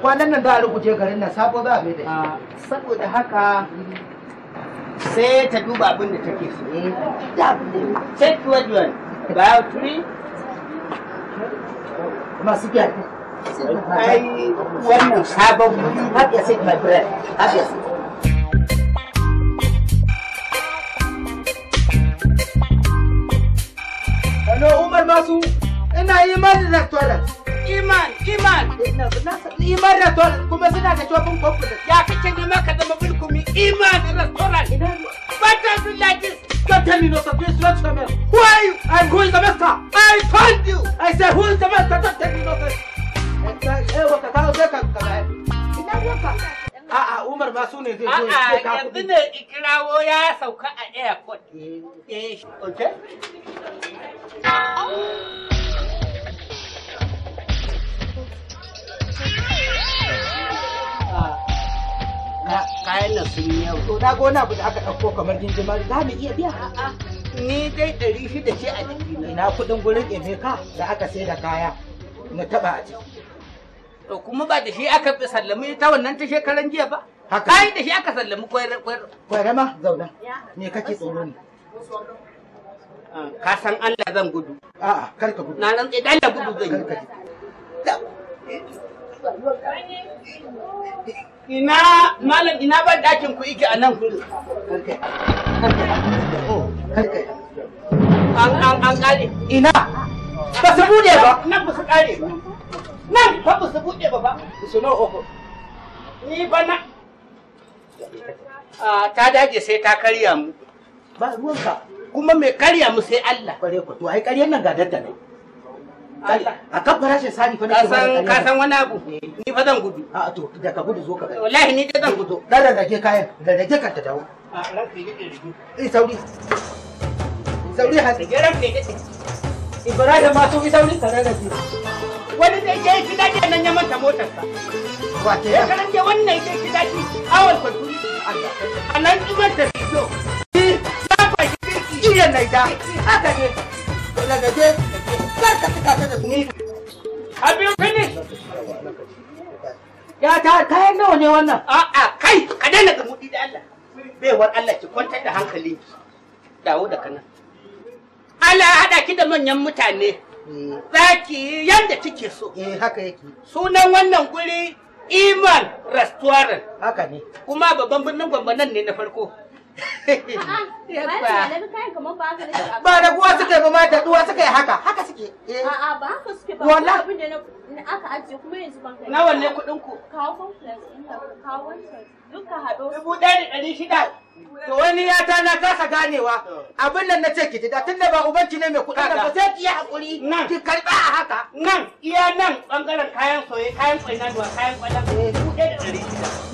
Kwanan nan da a rubuce garin nan sabo za a bai da Saboda haka sai ta duba abin da take so. Check what you want. Masu I wannan sabon wuri har ya sai my bread har ya sai Hello Umar Masu ina imani da toilet iman iman iman da toilet kuma suna da shopping complex ya kake nema ka zama bulkumi iman restaurant but I feel like this don't tell me no something is not for não who are you and who is the master I told you I said who is the master don't tell me no something a'a Umar ma su ne zai zo ya ka kuɗi yanzu ne ikirawo ya sauka a airport eh, eh, ah, kayan nan sun yi yawa. na gona abu da aka ɗauko kamar jinjima za mu iya biya. Ni dai ɗari shida ce a jiki na kuɗin gurin Emeka da aka sai da kaya na taɓa a ciki. To kuma ba da shi aka sallami ta wannan ta shekaran jiya ba? Haka. Ai da shi aka sallami rama zauna. Me kake tsoro ne? Ah, ka san Allah zan gudu. a a kar ka gudu. Na rantsa sai Allah gudu zan yi. Ina malam ina ba dakin ku ike a kar ka An an an kare. Ina. Ba su bude ba. Nan ba su kare ba. Nan fa ba su buɗe ba ba su no uku. Ni ba na. Ah, ta daje sai ta karya mu. Ba ruwanka. Kuma mai karya mu sai Allah. Kware ku. To ai karyar nan ga dadda ne. A kan farashin sari fa nake ba. Ka san wani abu. Ni fa zan gudu. A to da ka gudu zo ka. Wallahi ni da zan gudu. Dan rarrage kayan, rarrage ka ta dawo. A ah, ran ka yi gudu. Eh sauri. Sauri Ibrahim ma sauri tare da wani zai je shi daji nan ya manta motar sa wace ya karan je wannan je shi daji awal fatu a nan ibar da so shi safa shi jiya nai da haka ne daga je kar ka tuka ta da ni have you finished ya ta kayan nawa ne wannan a'a kai ka daina ka mudi da Allah baiwar Allah ki kwantar da hankalinki dawo da kana Allah ya haɗa ki da manyan mutane Zaki yadda kike so. Eh haka yake. Sunan wannan guri Iman Restaurant. Haka ne. Kuma babban birnin Gombe nan ne na farko. Ba da kuwa suka yi ba ma da duwa suka yi haka, haka suke. Eh. A'a ba haka suke ba. Wala. Abin da aka ajiye kuma yanzu ban kai. Nawa ne kuɗin ku? Kawo complex ɗin ka, kawo wancan. Duka haɗo. Dubu ɗaya da ɗari shida. wani ya ta na kasa ganewa abin nan na ce ki da tun da ba ubanki ne mai kuɗa da ba sai ki yi hakuri ki karɓa a haka. Nan iya nan bangaren kayan soye kayan kwai na duwa kayan kwai na eh. kuɗe da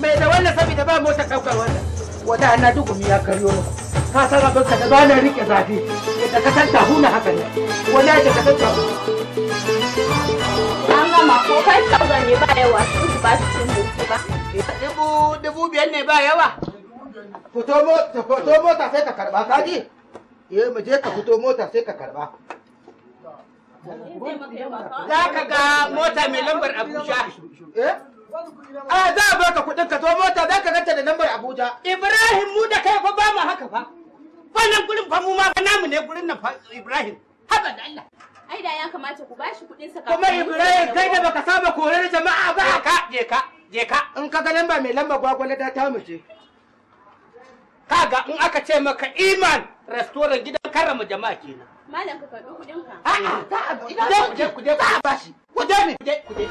Mai da wannan saboda ba mota kaukar wannan. Wata ana dukumi ya karyo mu. Ka san abin ka da ba na riƙe zafi. Da ka san tahuna haka ne. Wani ya ka san tahuna. An gama ko kai sauran ne ba yawa su ba su cin ba. Dubu dubu biyar ne ba yawa. fito mota sai ka karba kaji eh mu je ka fito mota sai ka karba za ka ga mota mai lambar abuja eh? a za a baka kuɗin ka zo mota za ka ganta da lambar abuja ibrahim mu da kai fa ba mu haka fa wannan gurin fa mu ma fa namu ne gurin nan fa ibrahim haba da allah ai da ya kamata ku bashi kuɗin sa kuma ibrahim kai da baka saba korar jama'a ba ka je ka je ka in ka ga lamba mai lamba gwagwalada ta mu je kaga in aka ce maka iman restoran gidan karrama jama'a kenan malam ka karbi kudin ka a a'a za a kuje kuje ku bashi kuje ne kuje kuje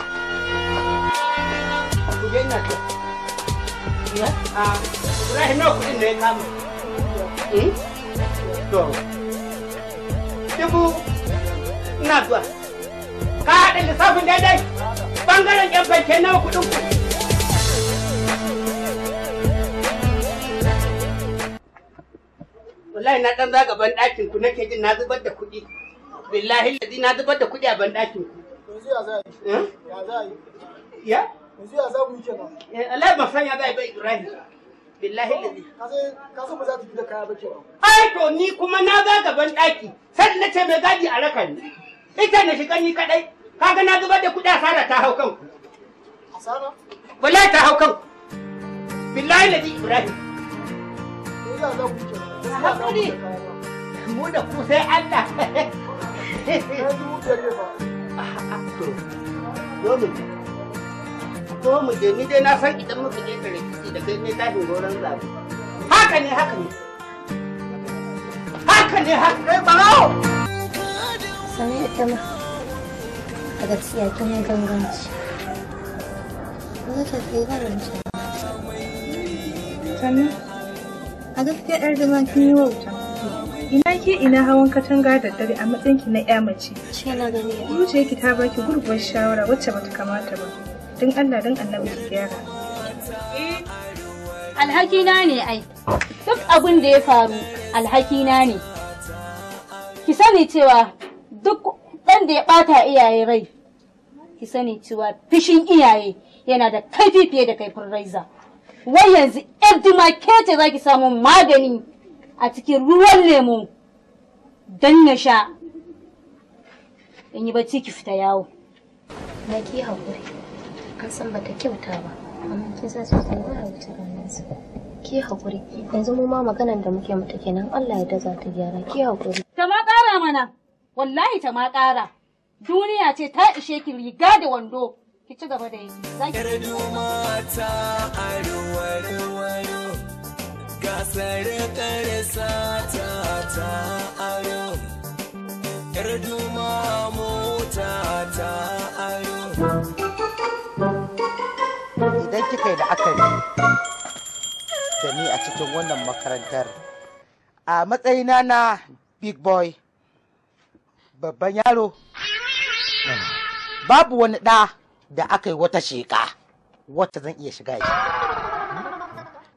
kuje ina ce ya a Ibrahim na kudin da ya kama hmm? to dubu ina zuwa ka da lissafin daidai bangaren yan fanke nawa kudin ku wallahi na dan zaga ban dakin ku nake jin na zubar da kuɗi billahi ladi na zubar da kuɗi a ban dakin ku yanzu ya za ya to ni kuma na zaga ban daki sai na ce mai gadi a raka ita na shiga ni kadai kaga na zubar da kuɗi sara ta hau kanku asara wallahi ta hau kanku billahi ladi Ibrahim yanzu ya za Hakuri. Mu da ku sai Allah. Zo mu je. Zo mu je ni dai na san idan muka je rikici da kai ne zabi. Haka ne haka ne. Haka ne haka ne ma. Sani. a gaskiya yar zama kin yi wauta ina ke ina hawan katanga da dare a matsayin na ya mace zuciya ki ta baki gurbin shawara wacce bata kamata ba don Allah don annabi ki gyara eh, alhaki ne ai duk abin da ya faru alhakina ne ki sani cewa duk ɗan da ya ɓata iyaye rai ki sani cewa fishin iyaye yana da kaifi fiye da kaifin raiza wai yanzu edima kece za ki samu magani a cikin ruwan lemu don na sha in yi bacci ki fita yawo na ki haƙuri an san bata kyauta ba amma kin san sosai ba a wuce ranarsa ki haƙuri yanzu mu ma maganan da muke mata kenan Allah ya daza ta gyara ki haƙuri ta ma ƙara mana wallahi ta ma ƙara duniya ce ta ishe ki riga da wando ki ci gaba da yi zaki yar duma ta aro gasar karsa ta ta aro yar duma mota ta aro idan kika yi da akari da ni a cikin wannan makarantar a matsayina na big boy babban yaro babu wani ɗa da aka yi wata sheƙa wata zan iya shiga shi.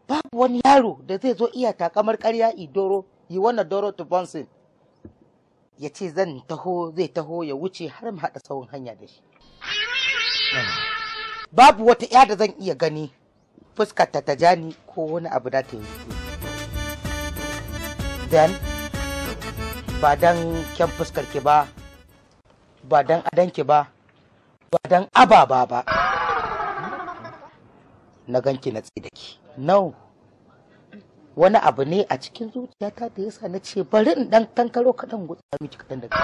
babu wani yaro da zai zo iya takamar karya idoro yi wannan doro tubonsin ya ce zan taho zai taho ya wuce har mu haɗa tsawon hanya da shi babu wata ya da zan iya gani fuskar ta ta ni ko wani abu da ta yi dan ba dan kyan fuskar ki ba ba dan adan ki ba ba dan ababa ba na ganki na ki, nau wani abu ne a cikin zuciyata da yasa na ce bari in dan tankaro kaɗan gutsa miki kaɗan daga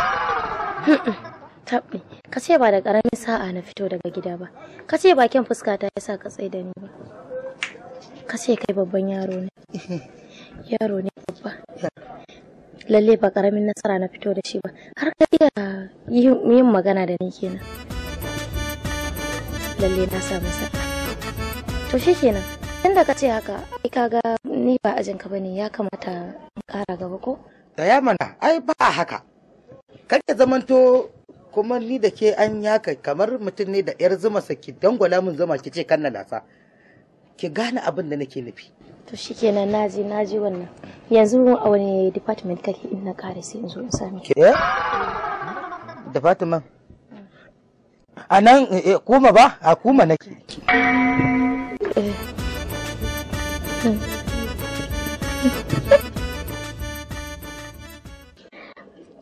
tabbi ka ce ba da ƙaramin sa'a na fito daga gida ba ka ce bakin fuska ta yasa ka tsaye da ni ba ka ce kai babban yaro ne yaro ne babba lalle ba ƙaramin nasara na fito da shi ba har ka iya yin magana da ni kenan lalle na samu sa'a to kenan, tun da ka ce haka ai kaga ni ba ajin ka bane ya kamata in kara gaba ko da ya mana ai ba haka Kake zamanto kuma ni da ke an yaka kamar mutum ne da yar zuma saki dangwala mun zuma ki ce kan lasa ki gane abin da nake nufi to kenan, naji naji wannan yanzu a wani department kake in na kare sai in zo in sami Ke? department a nan eh, eh, kuma ba a kuma nake eh.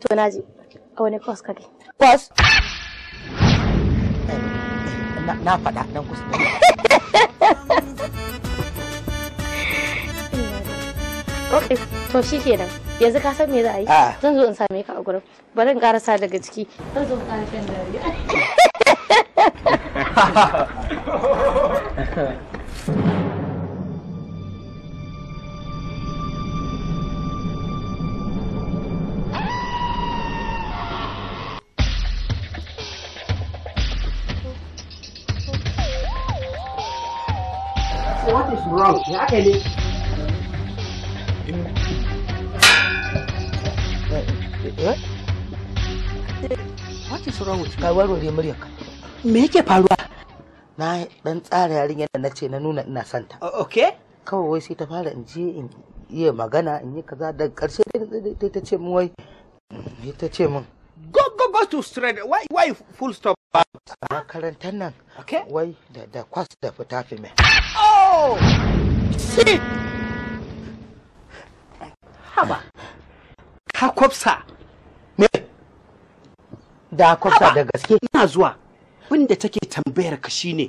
to na ji a wani kwas kake kwas na fada nan kusa ok to shi ke nan yanzu ka san me za a yi ah. zan zo in same ka a gurin bari in karasa daga ciki zan zo in karasa daga ciki What is wrong? Ya, ini. What is wrong with you? Kai waro ne muryarka. na dan tsara yarinyar da na ce na nuna ina santa okay kawai wai sai ta fara in je in iya magana in yi kaza da karshe dai ta ce min wai ta ce min go go go to straight why why full stop a makarantar nan wai da kwas da fita fi mai oh si haba ka kwafsa me da kwafsa da gaske ina zuwa abin take tambayar ka shine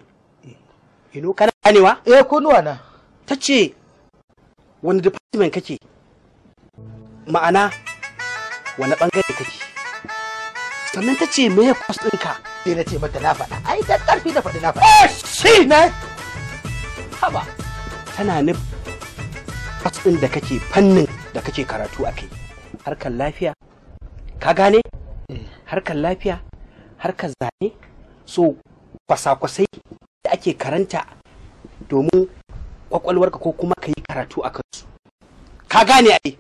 ino kana ganewa eh kunnuwa na tace wani department kake ma'ana wani bangare kake sannan ta ce me kwas ɗinka sai na ce mata na faɗa ai da ƙarfi na faɗi na faɗa oh, shi ne haba tana ni kwas ɗin da kake fannin da kake karatu a kai harkar lafiya ka gane eh. harkar lafiya harkar zane so kwasa-kwasai da ake karanta domin kwakwalwarka ko kuma ka yi karatu a kansu ka gane ai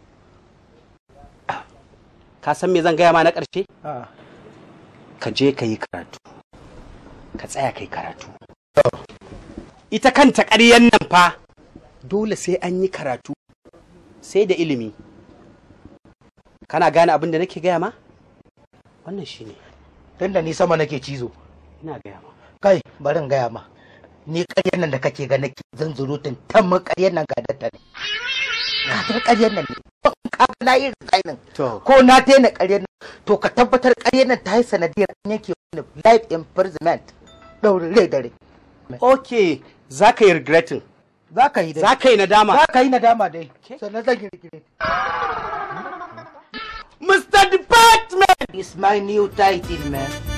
ka san me zan gaya ma na ƙarshe ah. ka je ka yi karatu ka tsaya ka yi karatu ita kanta ƙaryan nan fa dole sai an yi karatu sai da ilimi kana gane abin da nake gaya ma wannan shine ne. da ni sama nake cizo ina gaya ma kai barin gaya ma ni ƙaryar nan da kake gani ke. zan zurutun ta mu ƙaryar nan ta ne katar ƙaryar nan ne ka ga na irin tsainin ko na daina ƙaryar nan to ka tabbatar ƙaryar nan ta yi sanadiyar an yanke wani life imprisonment ɗaure rai dare ok za ka yi regretting za ka yi za ka yi nadama za ka yi nadama dai sannan zan yi regret Mr. Department is my new title, man.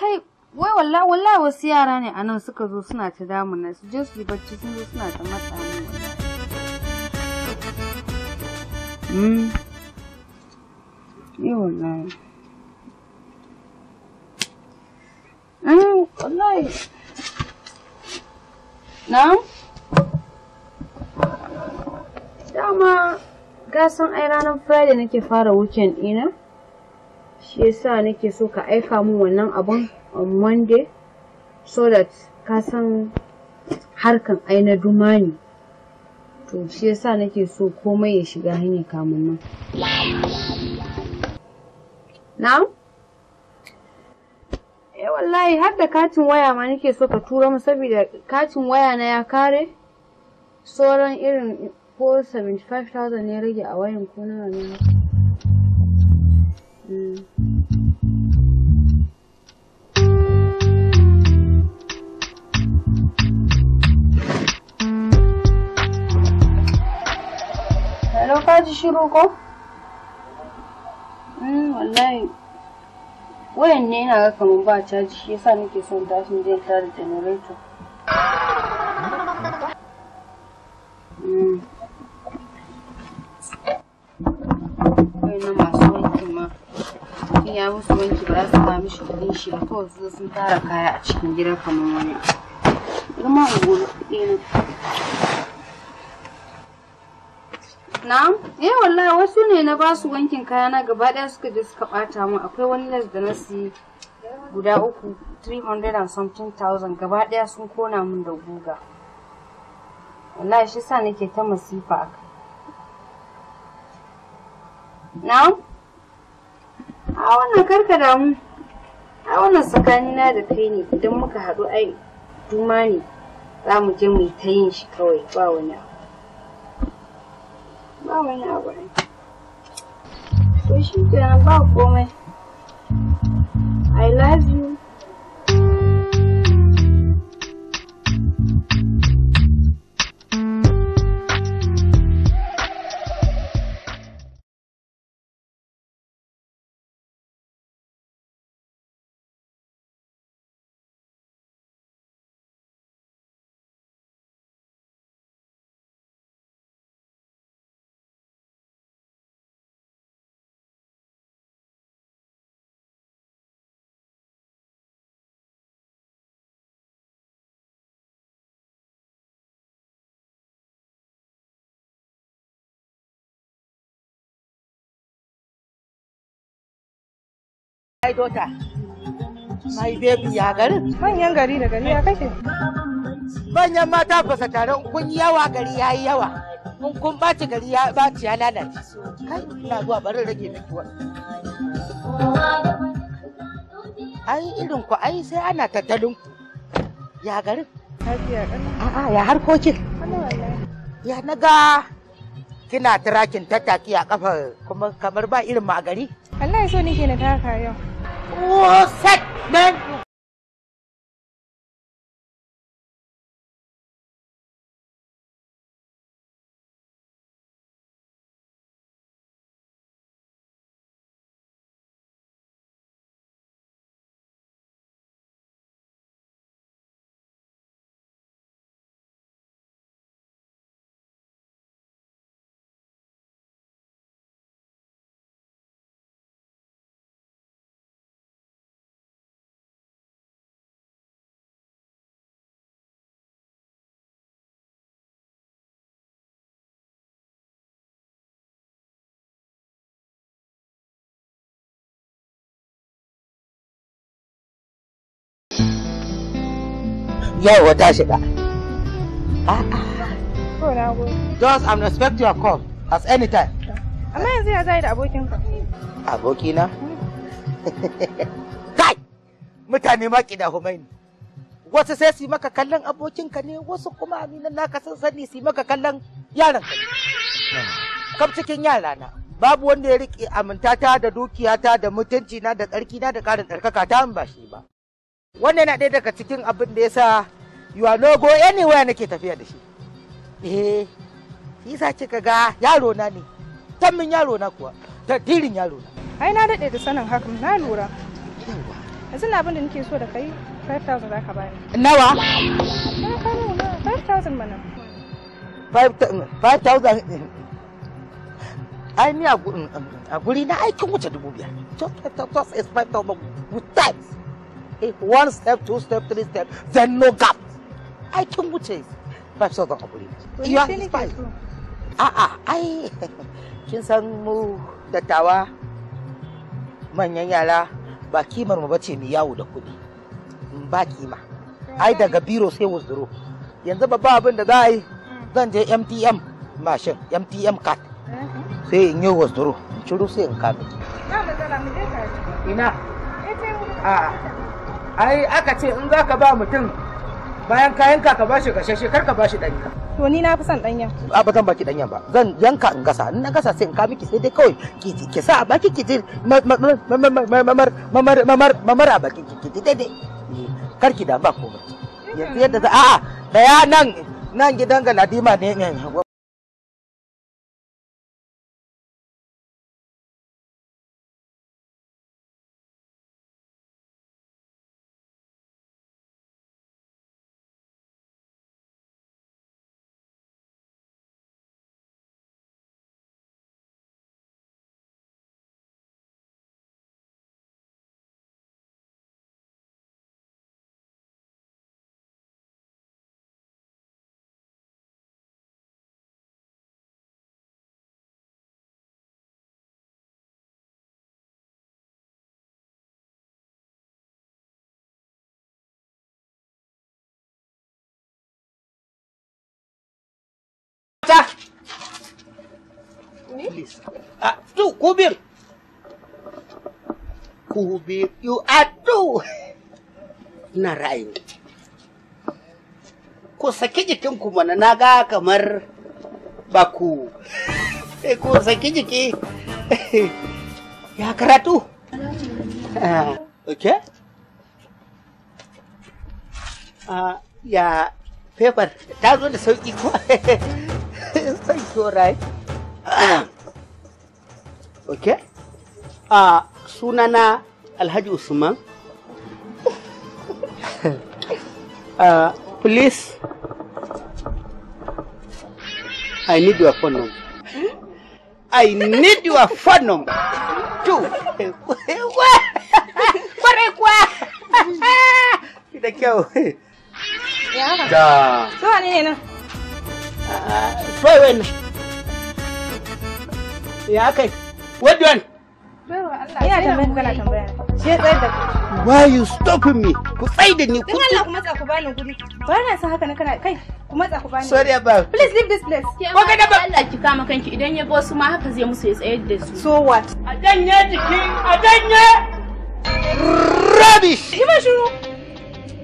kai wai wallahi wallahi wasu yara ne anan suka zo suna ta na su je su yi bacci sun zo suna ta matsa ne hmm. eh, wallahi hmm, wallahi wallahi ai ranar friday nake fara weekend ina shi yasa nake so ka aika min wannan abun on monday so that ka san harkan ai na duma ne to shi yasa nake so komai ya shiga hanyar kamun nan na eh wallahi har da katin waya ma nake so ka tura mu saboda katin waya na ya kare sauran irin ko 75,000 ne rage a wayan ko na Mm. Hello, ka ji shiru ko? Hmm, Wayan ne ina ga kamar ba caji shi yasa nake son tashin jin ta da generator. Hmm. masu wanki ma. ya musu wanki ba za su ba mishi shi ba kawai su sun tara kaya a cikin gida kamar wani. Na'am, eh wallahi wasu ne na basu wankin kayana gaba ɗaya suka je suka bata mu akwai wani les da na siyi guda uku 300 and something gaba ɗaya sun kona mun da guga. Wallahi shi sa nake ta masifa a kai. Na'am? A wannan karka damu. A wannan tsakanina da kai ne idan muka haɗu ai duma ne za mu je mu yi ta yin shi kawai ba wani abu. ba wani abu ne ba i love you Ai dota. My baby ya gari. Manyan gari da gari ya kashe. Manyan mata ba sa tare kun yawa gari ya yi yawa. Kun kun ɓaci gari ya ɓaci ya lalace. Kai ina zuwa bari rage miki wani. Ai irin ku ai sai ana tattalin ku. Ya garin. A'a ya harkokin. Ya na ga kina tirakin tattaki a kafa kuma kamar ba irin ma a gari? Allah ya so nake na taka yau. Oh, set, man, Yawa wata shiga. Just I'm respect your call as any time. Amma yanzu ya zai da abokinka. Abokina? Kai! Mutane ma ƙida Humaini. Wasu sai su maka kallon abokinka ne, wasu kuma aminan naka sun sani su maka kallon yaran ka. Kam cikin yara na. Babu wanda ya riƙe amintata da dukiyata da mutuncina da tsarkina da ƙarin tsarkaka ta ba shi ba. wannan yana ɗaya daga cikin abin da ya sa are no go anywhere nake tafiya da shi eh shi sa kika ga yaro na ne tammin yaro na kuwa dirin yaro na ai na daɗe da sanin hakan na lura yanzu na abin da nake so da kai 5000 za bani nawa na 5000 mana 5000 mm, mm, mm. ai ni a guri na aikin wuce dubu biyar just 5000 5000 good times one step two step three step then no gap ai kin wuce ba so ga hakuri you are inspired a a ai kin san mu dattawa manyan yara ba kimar mu bace mu yawo da kuɗi mm, ba kima ai daga biro sai wuzuro yanzu ba ba abin da za a yi mm. zan je mtm mashin mtm card mm-hmm. sai in yi wuzuro in ciro sai in kame ina a'a. ai aka ce in zaka ba mutum bayan ka yanka ka bashi gashashe kar ka bashi danya to ni na fi son danya a ba zan baki danya ba zan yanka in gasa in na gasa sai in ka miki sai dai kawai ki ki sa a baki ki ji mamar mamar mamar mamar a baki ki ji daidai kar ki da ba komai yanzu yadda za a da ya nan nan gidan ne ne Please. Uh, you are Ina ra'ayin. saki mana ga kamar ba eh, ya karatu. Uh, ya paper ta zo da sauki ko. Thank you, right? okay a ah, sunana alhaji usman uh, ah, please i need your phone number i need your phone number too kwarai kwa da yeah ya haka ah, da so ne nan so Ya kai. What do you want? Ina kana tambaya. da ku. Why you me? Ku tsai da ni. Don Allah ku matsa ku bani guri. Ba na haka na kana kai. Ku matsa ku bani. Sorry about. Please leave this place. Ko ga da ba. Allah ki kama kanki idan ya bo ma haka zai musu ya tsayar da su. So what? A janye jiki, a janye. Rubbish. Ki shiru.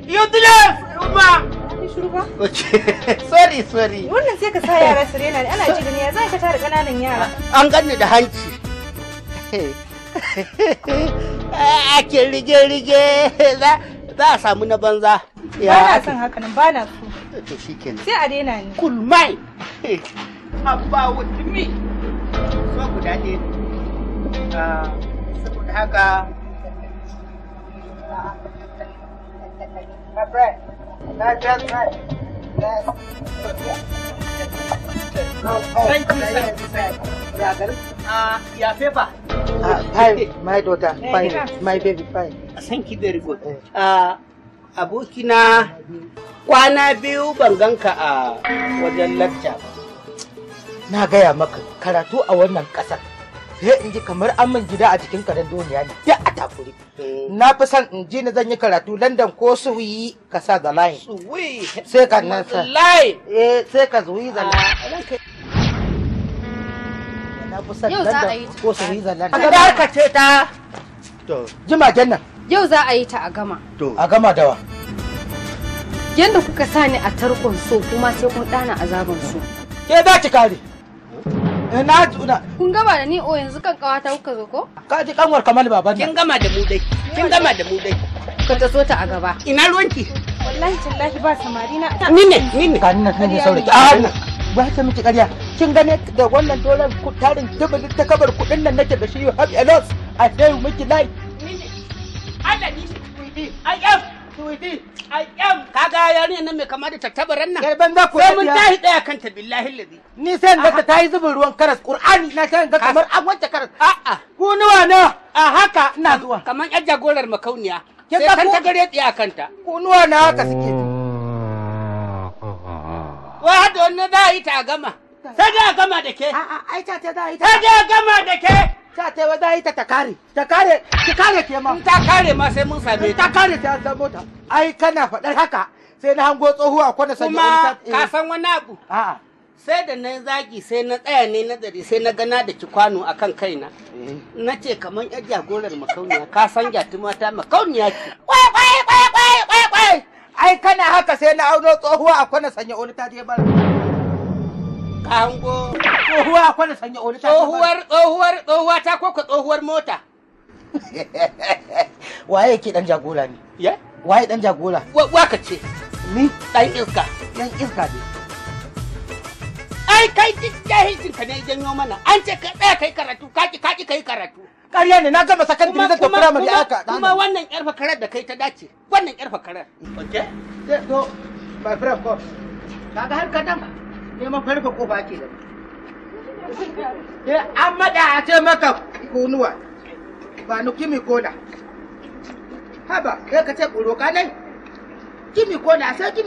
You deliver, shiru ba? sorry sorry. Wannan sai ka sa yara su rena ana ya ka tara kananan yara. An ganni da hanci. Ake rige rige za a samu na banza. Ba na son haka ba na so. Sai a daina ni. Cool ah, My friend. Thank ah, ah, my daughter, fine, my baby, fine. Thank you very good. Uh, abokina kwana biyu ban ganka a wajen lacca Na gaya maka karatu a wannan ƙasar sai in ji kamar an min gida a cikin karen duniya ne duk a takuri eh. na fi son in ji na zan yi karatu london ko suwi ka sa the line sai ka nan sa eh sai ka zuwi the ah, line na fi son ko suwi the line a ce ta jima nan. yau za a yi ta a gama a gama dawa yadda kuka sani a tarkon so kuma sai kun dana azabin so ke za ki kare Eh, na Ina tuna. Kun gama da ni o yanzu kan kawa ta kuka zo ko? Ka ji kanwar Kamal baban nan. Kin gama da mu dai. Kin gama da mu dai. Ka ta so ta a gaba. Ina ruwanki? Wallahi tallahi ba samari na. Ni ne, ni ne. Ka ni na sanya sauraki. Ah, ba ta miki ƙarya. Kin gane da wannan dolar tarin dubu ta kabar kuɗin nan nake da shi you have a loss. I tell you miki lie. Ni ne. Allah ni. I am. Tuwiti. I ka ga yarinyar nan mai kama da tattabaran nan. Yarban za ku Sai mun tashi tsaya kanta billahi ladi. Ni sai in ta yi zubin ruwan karas Qur'ani na sai in ga kamar an wanke karas. A'a. Ku nawa na? A haka ina zuwa. Kamar yar jagorar makauniya. Sai kanta gare tsaya kanta. Ku nawa na haka suke. Wa hada wannan da a yi ta gama. Sai da gama da ke. a ai ta ta da a yi ta. Sai da gama da ke. ta ta wai za ta ta kare ta kare ta kare ke ma in ta kare ma sai mun same ta kare ta san mota ai kana faɗar haka sai na hango tsohuwa kwana sanya wani kuma ka san wani abu sai da na zagi sai na tsaya ne na dare sai na gana da ki kwano a kan kaina eh. na ce kamar yar jagorar makauniya ka san gyatuma ta makauniya ki kwai kwai kwai kwai kwai kwai ai kana haka sai na auno tsohuwa a kwana sanya wani ta je ba ka hango Tsohuwa akwai da sanya oli ta. Tsohuwar tsohuwar tsohuwa ta ko ka tsohuwar mota. Waye ke dan jagora ne? Ya? Waye dan jagora? ce. Ni? Dan iska. Dan iska ne. Ai kai jahilcin ka ne mana. An ce ka tsaya kai karatu, kaki kaki kai karatu. Ƙarya ne na gama sakandare da ta firamare aka. Kuma wannan yar fakarar da kai ta dace. Wannan yar fakarar. Okay? So, my friend, come. Kaga har ka dama. Neman farko kofa ke da Eh, an maɗa a ce maka kunuwa ba nu kimi kola haba kai ka ce ƙuro ka nai kimi kola sai kimi